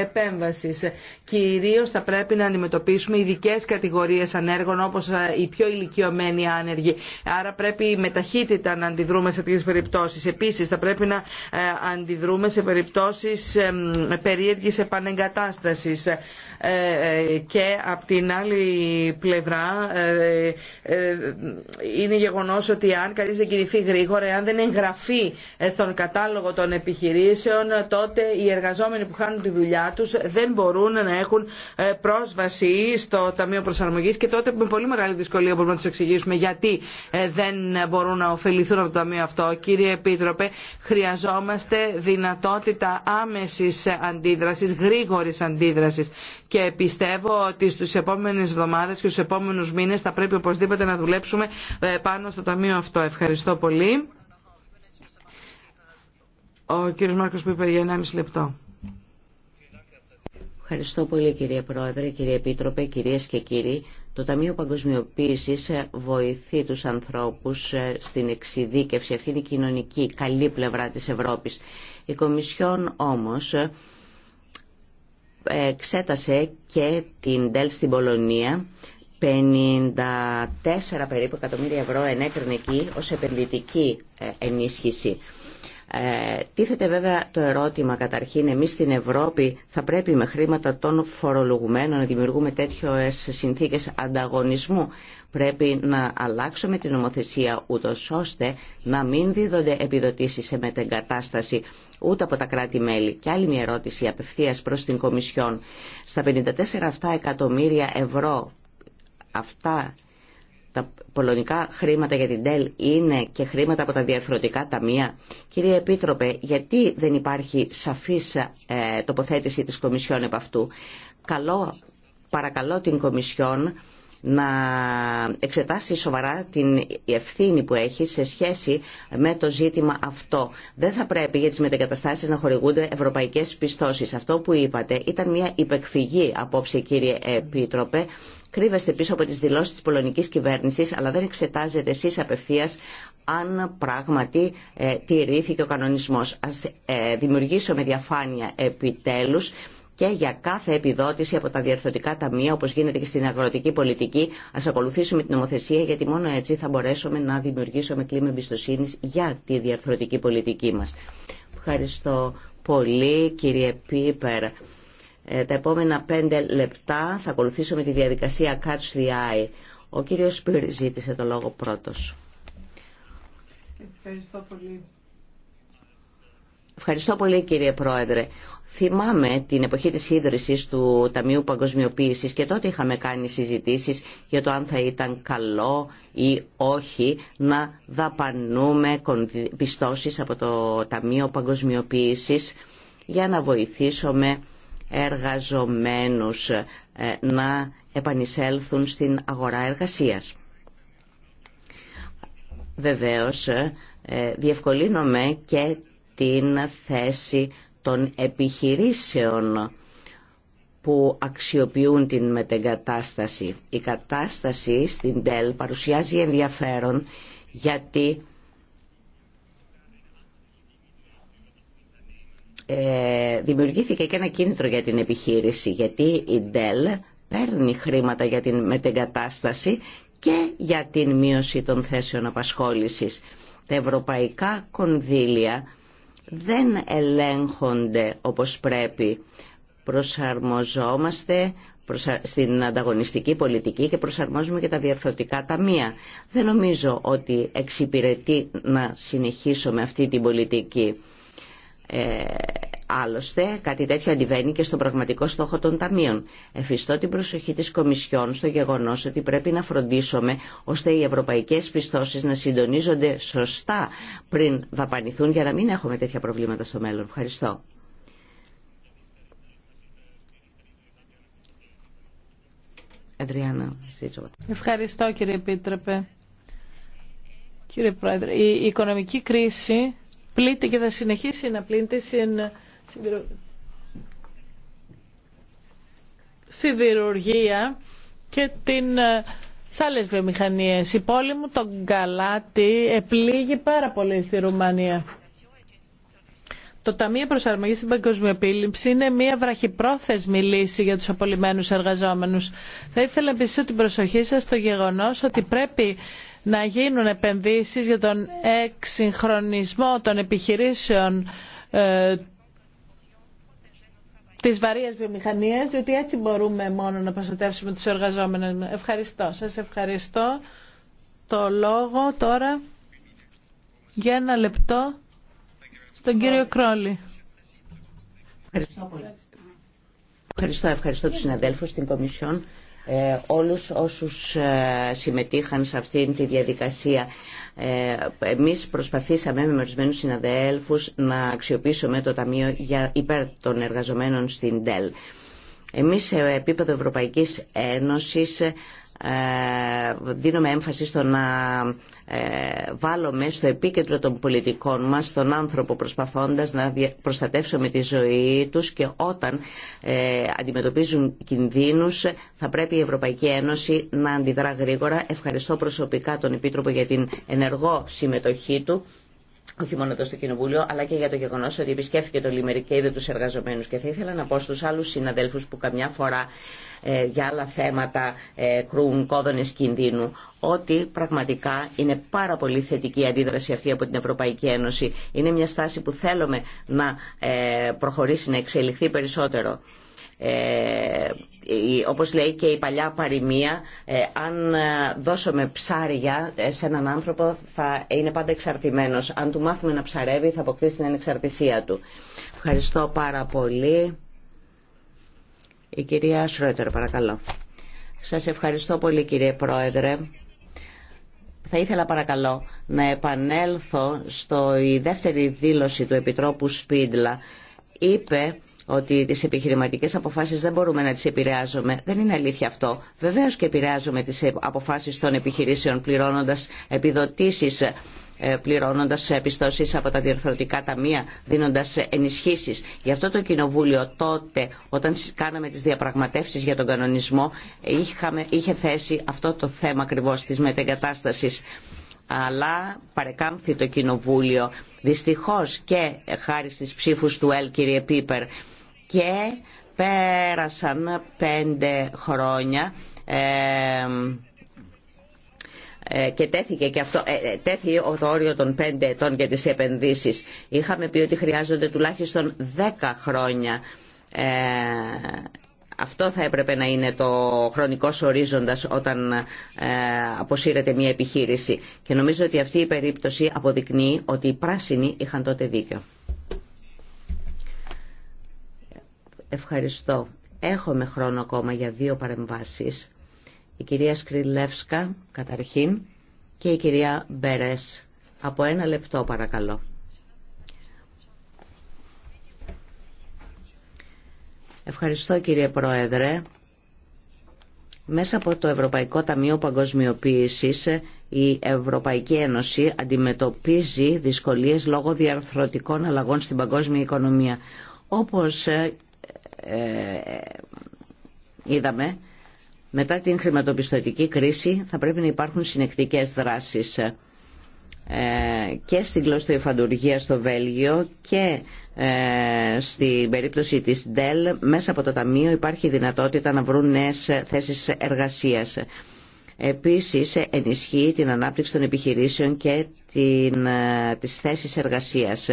επέμβασης. Κυρίως θα πρέπει να αντιμετωπίσουμε ειδικέ κατηγορίες ανέργων όπως ε, οι πιο ηλικιωμένοι άνεργοι. Άρα πρέπει με ταχύτητα να αντιδρούμε σε τέτοιες περιπτώσεις. Επίσης θα πρέπει να αντιδρούμε σε περιπτώσεις περίεργης επανεγκατάστασης. Και από την άλλη πλευρά είναι γεγονός ότι αν κανείς δεν κινηθεί γρήγορα, αν δεν ε, στον κατάλογο των επιχειρήσεων, τότε οι εργαζόμενοι που χάνουν τη δουλειά του δεν μπορούν να έχουν ε, πρόσβαση στο Ταμείο προσαρμογή και τότε με πολύ μεγάλη δυσκολία μπορούμε να του εξηγήσουμε γιατί ε, δεν μπορούν να ωφεληθούν από το Ταμείο αυτό. Κύριε Επίτροπε, χρειαζόμαστε δυνατότητα άμεση αντίδραση, γρήγορη αντίδραση. και πιστεύω ότι στι επόμενε εβδομάδε και στου επόμενου μήνε θα πρέπει οπωσδήποτε να δουλέψουμε πάνω στο Ταμείο αυτό. Ευχαριστώ πολύ. Ο κύριος Μάρκος Πίπερ για 1,5 λεπτό. Ευχαριστώ πολύ κύριε Πρόεδρε, κύριε Επίτροπε, κυρίες και κύριοι. Το Ταμείο Παγκοσμιοποίησης ε, βοηθεί τους ανθρώπους ε, στην εξειδίκευση. Αυτή είναι η κοινωνική καλή πλευρά της Ευρώπης. Η Κομισιόν όμως ε, εξέτασε και την ΔΕΛ στην Πολωνία 54 περίπου εκατομμύρια ευρώ ενέκρινε εκεί ως επενδυτική ενίσχυση. Ε, τίθεται βέβαια το ερώτημα καταρχήν εμείς στην Ευρώπη θα πρέπει με χρήματα των φορολογουμένων να δημιουργούμε τέτοιες συνθήκες ανταγωνισμού. Πρέπει να αλλάξουμε την νομοθεσία ούτω ώστε να μην δίδονται επιδοτήσεις σε μετεγκατάσταση ούτε από τα κράτη-μέλη. Και άλλη μια ερώτηση απευθείας προς την Κομισιόν. Στα 54 αυτά εκατομμύρια ευρώ αυτά τα πολωνικά χρήματα για την ΤΕΛ είναι και χρήματα από τα διαφορετικά ταμεία. Κύριε Επίτροπε, γιατί δεν υπάρχει σαφής ε, τοποθέτηση της Κομισιόν επ' αυτού. Καλό, παρακαλώ την Κομισιόν να εξετάσει σοβαρά την ευθύνη που έχει σε σχέση με το ζήτημα αυτό. Δεν θα πρέπει για τις μετεγκαταστάσεις να χορηγούνται ευρωπαϊκές πιστώσεις. Αυτό που είπατε ήταν μια υπεκφυγή απόψη, κύριε Επίτροπε. Κρύβεστε πίσω από τις δηλώσεις της πολωνικής κυβέρνησης, αλλά δεν εξετάζετε εσείς απευθείας αν πράγματι ε, τηρήθηκε ο κανονισμός. Ας ε, δημιουργήσουμε διαφάνεια επιτέλους και για κάθε επιδότηση από τα διαρθρωτικά ταμεία, όπως γίνεται και στην αγροτική πολιτική, ας ακολουθήσουμε την νομοθεσία, γιατί μόνο έτσι θα μπορέσουμε να δημιουργήσουμε κλίμα εμπιστοσύνη για τη διαρθρωτική πολιτική μας. Ευχαριστώ πολύ, κύριε Πίπερ. Ε, τα επόμενα πέντε λεπτά θα ακολουθήσουμε τη διαδικασία Catch the Eye. Ο κύριος Σπύρ ζήτησε το λόγο πρώτος. Ευχαριστώ πολύ. Ευχαριστώ πολύ κύριε Πρόεδρε. Θυμάμαι την εποχή της ίδρυσης του Ταμείου Παγκοσμιοποίησης και τότε είχαμε κάνει συζητήσεις για το αν θα ήταν καλό ή όχι να δαπανούμε πιστώσεις από το Ταμείο Παγκοσμιοποίησης για να βοηθήσουμε εργαζομένους ε, να επανεισέλθουν στην αγορά εργασίας. Βεβαίως, ε, διευκολύνομαι και την θέση των επιχειρήσεων που αξιοποιούν την μετεγκατάσταση. Η κατάσταση στην ΤΕΛ παρουσιάζει ενδιαφέρον γιατί ε, δημιουργήθηκε και ένα κίνητρο για την επιχείρηση γιατί η Dell παίρνει χρήματα για την μετεγκατάσταση και για την μείωση των θέσεων απασχόλησης. Τα ευρωπαϊκά κονδύλια δεν ελέγχονται όπως πρέπει. Προσαρμοζόμαστε στην ανταγωνιστική πολιτική και προσαρμόζουμε και τα τα ταμεία. Δεν νομίζω ότι εξυπηρετεί να συνεχίσουμε αυτή την πολιτική. Ε, Άλλωστε, κάτι τέτοιο αντιβαίνει και στον πραγματικό στόχο των ταμείων. Εφιστώ την προσοχή της Κομισιόν στο γεγονός ότι πρέπει να φροντίσουμε ώστε οι ευρωπαϊκές πιστώσεις να συντονίζονται σωστά πριν δαπανηθούν για να μην έχουμε τέτοια προβλήματα στο μέλλον. Ευχαριστώ. Ευχαριστώ κύριε Επίτρεπε. Κύριε Πρόεδρε, η οικονομική κρίση πλήττει και θα συνεχίσει να πλήττει σιδηρουργία και την σε άλλες βιομηχανίες. Η πόλη μου, τον Γκαλάτι, επλήγει πάρα πολύ στη Ρουμανία. Το Ταμείο Προσαρμογής στην Παγκοσμιοποίηση είναι μια βραχυπρόθεσμη λύση για τους απολυμμένους εργαζόμενους. Θα ήθελα επίσης την προσοχή σας στο γεγονός ότι πρέπει να γίνουν επενδύσεις για τον εξυγχρονισμό των επιχειρήσεων ε, Τη βαρίας βιομηχανία, διότι έτσι μπορούμε μόνο να προστατεύσουμε του εργαζόμενους. Ευχαριστώ. Σας ευχαριστώ. Το λόγο τώρα για ένα λεπτό στον κύριο Κρόλη. Ευχαριστώ πολύ. Ευχαριστώ, ευχαριστώ τους στην Κομισιόν. Ε, όλους όσους ε, συμμετείχαν σε αυτήν τη διαδικασία. Ε, εμείς προσπαθήσαμε με ορισμένους συναδέλφους να αξιοποιήσουμε το Ταμείο για υπέρ των εργαζομένων στην ΤΕΛ. Εμείς σε επίπεδο Ευρωπαϊκής Ένωσης ε, δίνουμε έμφαση στο να ε, βάλουμε στο επίκεντρο των πολιτικών μας τον άνθρωπο προσπαθώντας να προστατεύσουμε τη ζωή τους και όταν ε, αντιμετωπίζουν κινδύνους θα πρέπει η Ευρωπαϊκή Ένωση να αντιδρά γρήγορα. Ευχαριστώ προσωπικά τον Επίτροπο για την ενεργό συμμετοχή του όχι μόνο εδώ στο Κοινοβούλιο, αλλά και για το γεγονό ότι επισκέφθηκε το Λιμερικέιδο και είδε του εργαζομένου. Και θα ήθελα να πω στου άλλου συναδέλφου που καμιά φορά ε, για άλλα θέματα ε, κρούν κόδωνε κινδύνου, ότι πραγματικά είναι πάρα πολύ θετική η αντίδραση αυτή από την Ευρωπαϊκή Ένωση. Είναι μια στάση που θέλουμε να ε, προχωρήσει, να εξελιχθεί περισσότερο. Ε, όπως λέει και η παλιά παροιμία, ε, αν ε, δώσουμε ψάρια σε έναν άνθρωπο θα είναι πάντα εξαρτημένος. Αν του μάθουμε να ψαρεύει θα αποκτήσει την ανεξαρτησία του. Ευχαριστώ πάρα πολύ. Η κυρία Σρότερ, παρακαλώ. Σας ευχαριστώ πολύ κύριε Πρόεδρε. Θα ήθελα παρακαλώ να επανέλθω στο η δεύτερη δήλωση του Επιτρόπου Σπίτλα. Είπε ότι τις επιχειρηματικές αποφάσεις δεν μπορούμε να τις επηρεάζουμε. Δεν είναι αλήθεια αυτό. Βεβαίω και επηρεάζουμε τις ε, αποφάσεις των επιχειρήσεων πληρώνοντας επιδοτήσεις, ε, πληρώνοντας επιστώσεις από τα διορθωτικά ταμεία, δίνοντας ενισχύσεις. Γι' αυτό το Κοινοβούλιο τότε, όταν κάναμε τις διαπραγματεύσει για τον κανονισμό, είχαμε, είχε θέσει αυτό το θέμα ακριβώ τη μετεγκατάσταση αλλά παρεκάμφθη το Κοινοβούλιο. Δυστυχώς και χάρη στις ψήφους του ΕΛ, κύριε Πίπερ. Και πέρασαν πέντε χρόνια ε, ε, και τέθηκε και αυτό, ε, τέθηκε το όριο των πέντε ετών για τις επενδύσεις. Είχαμε πει ότι χρειάζονται τουλάχιστον δέκα χρόνια αυτό θα έπρεπε να είναι το χρονικό ορίζοντας όταν ε, αποσύρεται μια επιχείρηση. Και νομίζω ότι αυτή η περίπτωση αποδεικνύει ότι οι πράσινοι είχαν τότε δίκιο. Ευχαριστώ. Έχουμε χρόνο ακόμα για δύο παρεμβάσεις. Η κυρία Σκριλεύσκα καταρχήν και η κυρία Μπερές. Από ένα λεπτό παρακαλώ. Ευχαριστώ κύριε Πρόεδρε. Μέσα από το Ευρωπαϊκό Ταμείο Παγκοσμιοποίησης η Ευρωπαϊκή Ένωση αντιμετωπίζει δυσκολίες λόγω διαρθρωτικών αλλαγών στην παγκόσμια οικονομία. Όπως ε, ε, είδαμε, μετά την χρηματοπιστωτική κρίση θα πρέπει να υπάρχουν συνεκτικές δράσεις. Ε, και στην εφαντουργία στο Βέλγιο και ε, στην περίπτωση της ΔΕΛ μέσα από το Ταμείο υπάρχει δυνατότητα να βρουν νέες θέσεις εργασίας. Επίσης ενισχύει την ανάπτυξη των επιχειρήσεων και την, ε, τις θέσεις εργασίας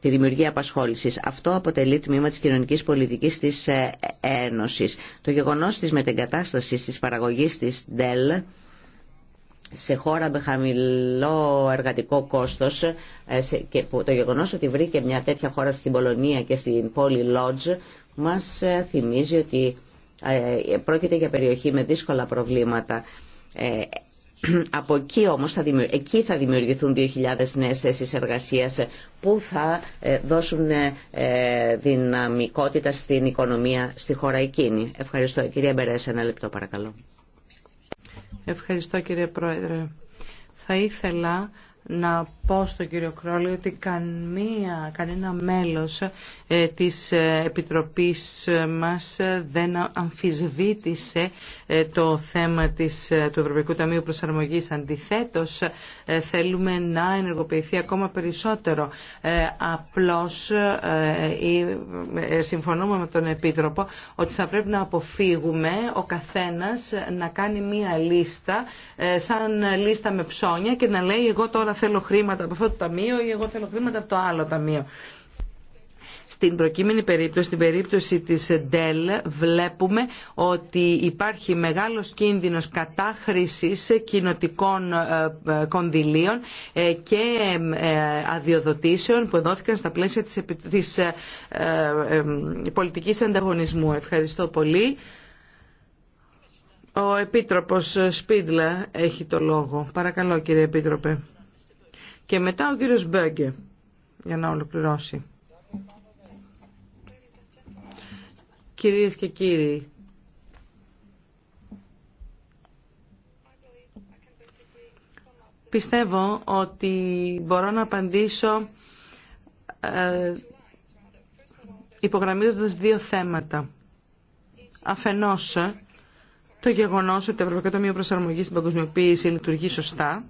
τη δημιουργία απασχόλησης. Αυτό αποτελεί τμήμα τη κοινωνική πολιτική τη Ένωση. Το γεγονός της μετεγκατάστασης της παραγωγή της ΔΕΛ σε χώρα με χαμηλό εργατικό κόστος ε, και το γεγονός ότι βρήκε μια τέτοια χώρα στην Πολωνία και στην πόλη Λότζ μας ε, θυμίζει ότι ε, πρόκειται για περιοχή με δύσκολα προβλήματα. Από εκεί όμως θα εκεί θα δημιουργηθούν 2.000 νέες θέσεις εργασίας που θα δώσουν δυναμικότητα στην οικονομία στη χώρα εκείνη. Ευχαριστώ. Κυρία Μπερέσα, ένα λεπτό παρακαλώ. Ευχαριστώ κύριε Πρόεδρε. Θα ήθελα να πω στον κύριο Κρόλη ότι κανένα μέλος ε, της ε, Επιτροπής μας δεν αμφισβήτησε ε, το θέμα της, του Ευρωπαϊκού Ταμείου Προσαρμογής. Αντιθέτως, θέλουμε να ενεργοποιηθεί ακόμα περισσότερο. Απλώς συμφωνούμε με τον Επίτροπο ότι θα πρέπει να αποφύγουμε ο καθένας να κάνει μία λίστα σαν λίστα με ψώνια και να λέει εγώ τώρα θέλω χρήματα χρήματα από αυτό το ταμείο ή εγώ θέλω χρήματα από το άλλο ταμείο. Στην προκείμενη περίπτωση, στην περίπτωση της ΔΕΛ, βλέπουμε ότι υπάρχει μεγάλος κίνδυνος κατάχρησης κοινοτικών ε, ε, κονδυλίων ε, και αδειοδοτήσεων που δόθηκαν στα πλαίσια της πολιτικής ανταγωνισμού. Ευχαριστώ πολύ. Ο Επίτροπος Σπίδλα έχει το λόγο. Παρακαλώ κύριε Επίτροπε. Και μετά ο κύριος Μπέγκε για να ολοκληρώσει. Κυρίες και κύριοι, πιστεύω ότι μπορώ να απαντήσω ε, υπογραμμίζοντας δύο θέματα. Αφενός, το γεγονός ότι το Ευρωπαϊκό Ταμείο Προσαρμογής στην Παγκοσμιοποίηση λειτουργεί σωστά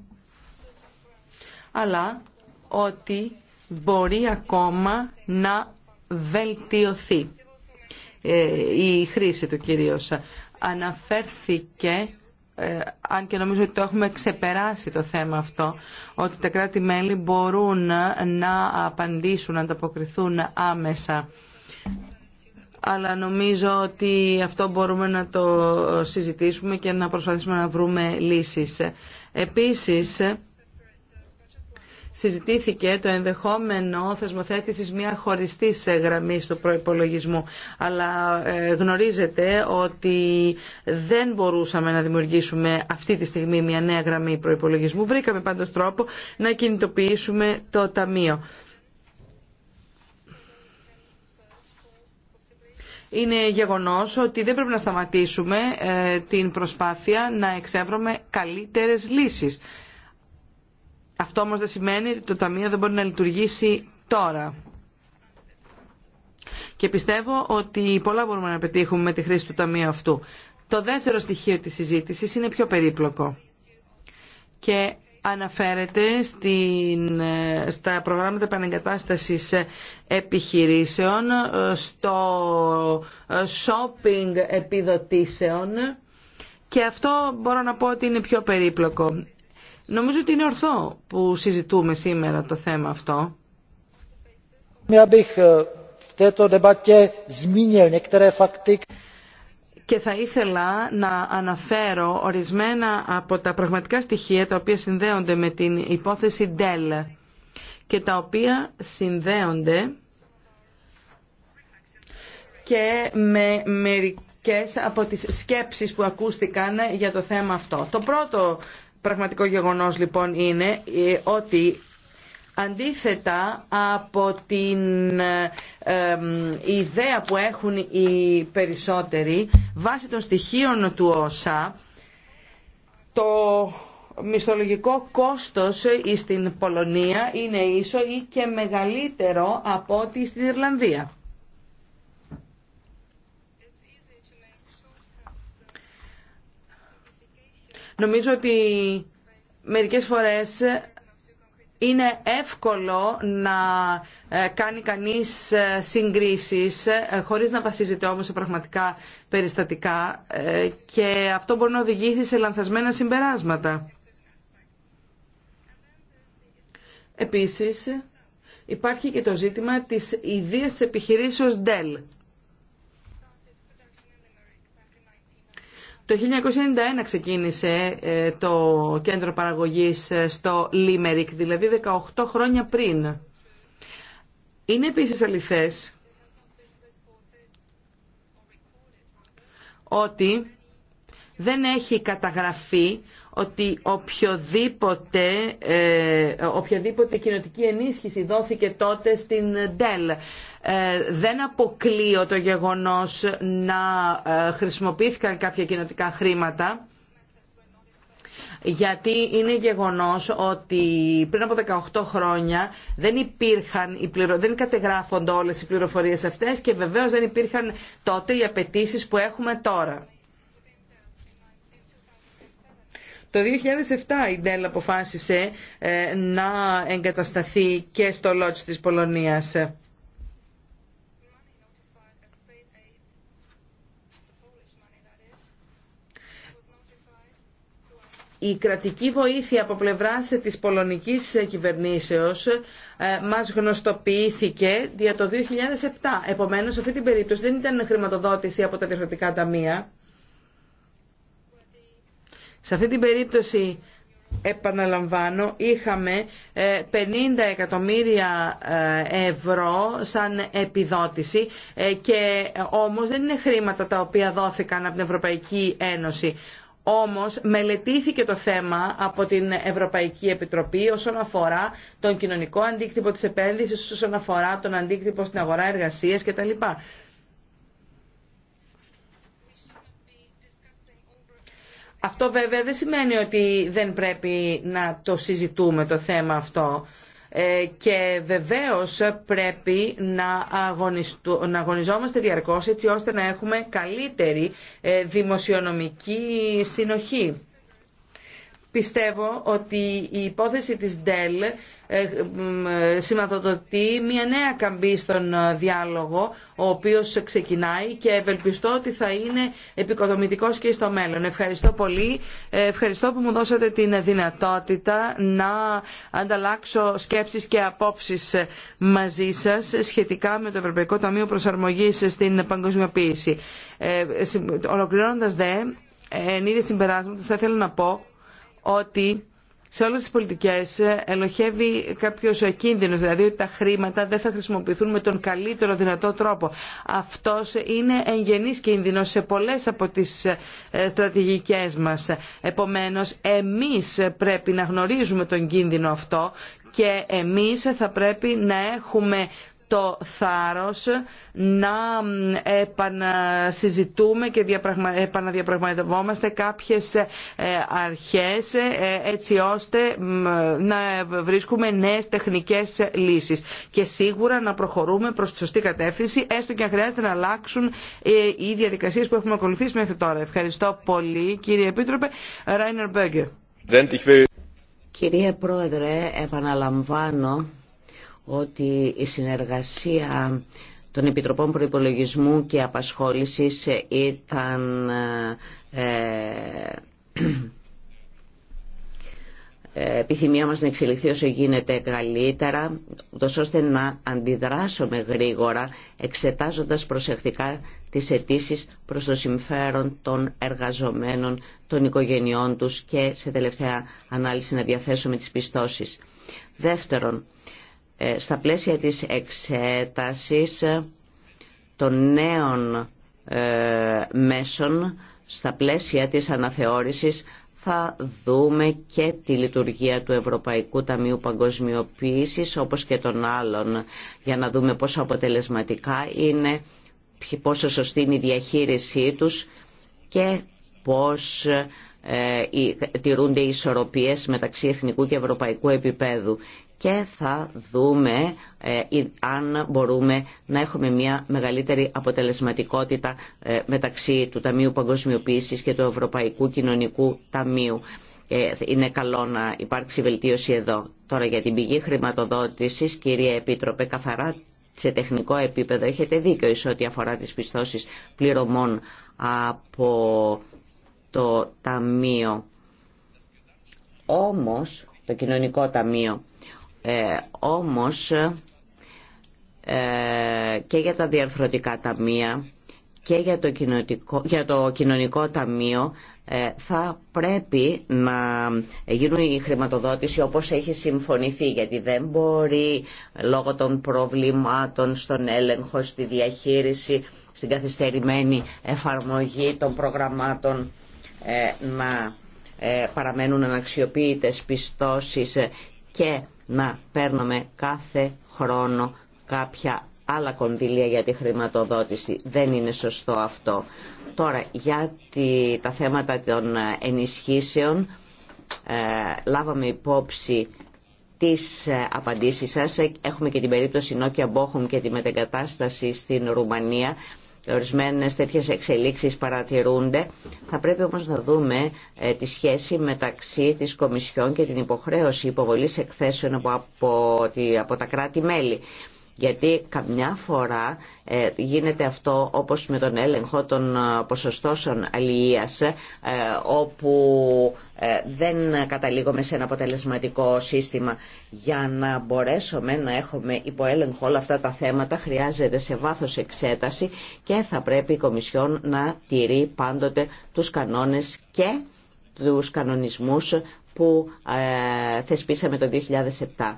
αλλά ότι μπορεί ακόμα να βελτιωθεί ε, η χρήση του κυρίως. Αναφέρθηκε ε, αν και νομίζω ότι το έχουμε ξεπεράσει το θέμα αυτό, ότι τα κράτη-μέλη μπορούν να απαντήσουν, να ανταποκριθούν άμεσα. Αλλά νομίζω ότι αυτό μπορούμε να το συζητήσουμε και να προσπαθήσουμε να βρούμε λύσεις. Επίσης, συζητήθηκε το ενδεχόμενο θεσμοθέτησης μια χωριστή ε, γραμμή του προπολογισμού. Αλλά ε, γνωρίζετε ότι δεν μπορούσαμε να δημιουργήσουμε αυτή τη στιγμή μια νέα γραμμή προπολογισμού. Βρήκαμε πάντως τρόπο να κινητοποιήσουμε το Ταμείο. είναι γεγονός ότι δεν πρέπει να σταματήσουμε ε, την προσπάθεια να εξεύρουμε καλύτερες λύσεις αυτό όμως δεν σημαίνει ότι το Ταμείο δεν μπορεί να λειτουργήσει τώρα. Και πιστεύω ότι πολλά μπορούμε να πετύχουμε με τη χρήση του Ταμείου αυτού. Το δεύτερο στοιχείο της συζήτησης είναι πιο περίπλοκο και αναφέρεται στην, στα προγράμματα επανεγκατάστασης επιχειρήσεων, στο shopping επιδοτήσεων και αυτό μπορώ να πω ότι είναι πιο περίπλοκο. Νομίζω ότι είναι ορθό που συζητούμε σήμερα το θέμα αυτό. Ε, και θα ήθελα να αναφέρω ορισμένα από τα πραγματικά στοιχεία τα οποία συνδέονται με την υπόθεση Dell και τα οποία συνδέονται και με μερικές από τις σκέψεις που ακούστηκαν για το θέμα αυτό. Το πρώτο πραγματικό γεγονός λοιπόν είναι ε, ότι αντίθετα από την ιδέα που έχουν οι περισσότεροι βάσει των στοιχείων του ΩΣΑ το μισθολογικό κόστος στην Πολωνία είναι ίσο ή και μεγαλύτερο από ό,τι στην Ιρλανδία. Νομίζω ότι μερικές φορές είναι εύκολο να ε, κάνει κανείς ε, συγκρίσεις ε, χωρίς να βασίζεται όμως σε πραγματικά περιστατικά και αυτό μπορεί να οδηγήσει σε λανθασμένα συμπεράσματα. Επίσης υπάρχει και το ζήτημα της ιδίας της επιχειρήσεως Dell. Το 1991 ξεκίνησε ε, το κέντρο παραγωγής ε, στο Λίμερικ, δηλαδή 18 χρόνια πριν. Είναι επίσης αληθές ότι δεν έχει καταγραφεί ότι οποιοδήποτε, ε, οποιαδήποτε κοινοτική ενίσχυση δόθηκε τότε στην ΔΕΛ. Ε, δεν αποκλείω το γεγονός να ε, χρησιμοποιήθηκαν κάποια κοινοτικά χρήματα γιατί είναι γεγονός ότι πριν από 18 χρόνια δεν υπήρχαν, δεν κατεγράφονται όλες οι πληροφορίες αυτές και βεβαίως δεν υπήρχαν τότε οι απαιτήσει που έχουμε τώρα. Το 2007 η Ντέλ αποφάσισε ε, να εγκατασταθεί και στο Λότς της Πολωνίας. Η κρατική βοήθεια από πλευράς της πολωνικής κυβερνήσεως ε, μας γνωστοποιήθηκε για το 2007. Επομένως, σε αυτή την περίπτωση δεν ήταν χρηματοδότηση από τα διευθυντικά ταμεία, σε αυτή την περίπτωση επαναλαμβάνω, είχαμε 50 ε, εκατομμύρια ε, ευρώ σαν επιδότηση ε, και όμως δεν είναι χρήματα τα οποία δόθηκαν από την Ευρωπαϊκή Ένωση. Όμως μελετήθηκε το θέμα από την Ευρωπαϊκή Επιτροπή όσον αφορά τον κοινωνικό αντίκτυπο της επένδυσης, όσον αφορά τον αντίκτυπο στην αγορά εργασίας κτλ. Αυτό βέβαια δεν σημαίνει ότι δεν πρέπει να το συζητούμε το θέμα αυτό ε, και βεβαίως πρέπει να, να αγωνιζόμαστε διαρκώς έτσι ώστε να έχουμε καλύτερη ε, δημοσιονομική συνοχή. Πιστεύω ότι η υπόθεση της Dell ε, ε, σηματοδοτεί μια νέα καμπή στον ε, διάλογο, ο οποίος ξεκινάει και ευελπιστώ ότι θα είναι επικοδομητικός και στο μέλλον. Ευχαριστώ πολύ. Ευχαριστώ που μου δώσατε την δυνατότητα να ανταλλάξω σκέψεις και απόψεις μαζί σας σχετικά με το Ευρωπαϊκό Ταμείο Προσαρμογής στην παγκοσμιοποίηση. Ολοκληρώνοντας δε, εν είδη συμπεράσματος θα ήθελα να πω ότι σε όλες τις πολιτικές ε, ελοχεύει κάποιος ε, κίνδυνος, δηλαδή ότι τα χρήματα δεν θα χρησιμοποιηθούν με τον καλύτερο δυνατό τρόπο. Αυτός είναι εγγενής κίνδυνος σε πολλές από τις ε, στρατηγικές μας. Επομένως, εμείς πρέπει να γνωρίζουμε τον κίνδυνο αυτό και εμείς θα πρέπει να έχουμε το θάρρος να επανασυζητούμε και διαπραγμα... επαναδιαπραγματευόμαστε κάποιες ε, αρχές ε, έτσι ώστε να βρίσκουμε νέες τεχνικές λύσεις και σίγουρα να προχωρούμε προς τη σωστή κατεύθυνση έστω και αν χρειάζεται να αλλάξουν ε, οι διαδικασίες που έχουμε ακολουθήσει μέχρι τώρα. Ευχαριστώ πολύ κύριε Επίτροπε. Ράινερ Μπέγκε. Κυρία Πρόεδρε, επαναλαμβάνω ότι η συνεργασία των Επιτροπών Προϋπολογισμού και Απασχόλησης ήταν ε, ε, επιθυμία μας να εξελιχθεί όσο γίνεται καλύτερα, ώστε να αντιδράσουμε γρήγορα, εξετάζοντας προσεκτικά τις αιτήσει προς το συμφέρον των εργαζομένων, των οικογενειών τους και σε τελευταία ανάλυση να διαθέσουμε τις πιστώσεις. Δεύτερον, ε, στα πλαίσια της εξέτασης των νέων ε, μέσων, στα πλαίσια της αναθεώρησης, θα δούμε και τη λειτουργία του Ευρωπαϊκού Ταμείου Παγκοσμιοποίησης, όπως και των άλλων, για να δούμε πόσο αποτελεσματικά είναι, πόσο σωστή είναι η διαχείρισή τους και πώς ε, τηρούνται οι ισορροπίες μεταξύ εθνικού και ευρωπαϊκού επίπεδου και θα δούμε ε, ε, αν μπορούμε να έχουμε μια μεγαλύτερη αποτελεσματικότητα ε, μεταξύ του Ταμείου Παγκοσμιοποίησης και του Ευρωπαϊκού Κοινωνικού Ταμείου. Ε, είναι καλό να υπάρξει βελτίωση εδώ. Τώρα για την πηγή χρηματοδότησης, κυρία Επίτροπε, καθαρά σε τεχνικό επίπεδο έχετε δίκιο εις ό,τι αφορά τις πιστώσεις πληρωμών από το Ταμείο. Όμως, το Κοινωνικό Ταμείο, ε, όμως ε, και για τα διαρθρωτικά ταμεία και για το, για το κοινωνικό ταμείο ε, θα πρέπει να γίνουν η χρηματοδότηση όπως έχει συμφωνηθεί γιατί δεν μπορεί λόγω των προβλημάτων στον έλεγχο, στη διαχείριση, στην καθυστερημένη εφαρμογή των προγραμμάτων ε, να παραμένουν αναξιοποιητές πιστώσεις και να παίρνουμε κάθε χρόνο κάποια άλλα κονδύλια για τη χρηματοδότηση. Δεν είναι σωστό αυτό. Τώρα, για τα θέματα των ε, ενισχύσεων, ε, λάβαμε υπόψη τις ε, απαντήσεις σας. Έχουμε και την περίπτωση Νόκια Μπόχουμ και τη μετεγκατάσταση στην Ρουμανία. Ορισμένες τέτοιες εξελίξεις παρατηρούνται. Θα πρέπει όμως να δούμε ε, τη σχέση μεταξύ της Κομισιόν και την υποχρέωση υποβολής εκθέσεων από, από, από τα κράτη-μέλη. Γιατί καμιά φορά ε, γίνεται αυτό όπως με τον έλεγχο των ε, ποσοστώσεων αλληλείας ε, όπου δεν καταλήγουμε σε ένα αποτελεσματικό σύστημα. Για να μπορέσουμε να έχουμε υποέλεγχο όλα αυτά τα θέματα χρειάζεται σε βάθος εξέταση και θα πρέπει η Κομισιόν να τηρεί πάντοτε τους κανόνες και τους κανονισμούς που θεσπίσαμε το 2007.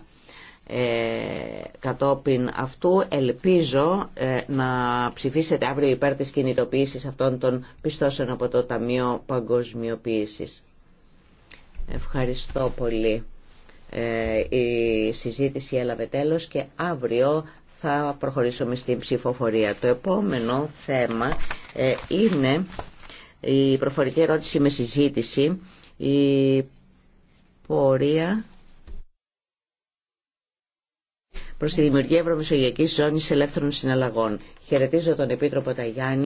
Ε, κατόπιν αυτού ελπίζω ε, να ψηφίσετε αύριο υπέρ της κινητοποίησης αυτών των πιστώσεων από το Ταμείο Παγκοσμιοποίησης. Ευχαριστώ πολύ. Ε, η συζήτηση έλαβε τέλος και αύριο θα προχωρήσουμε στην ψηφοφορία. Το επόμενο θέμα είναι η προφορική ερώτηση με συζήτηση, η πορεία προς τη δημιουργία Ευρωμεσογειακής Ζώνης Ελεύθερων Συναλλαγών. Χαιρετίζω τον Επίτροπο Ταγιάννη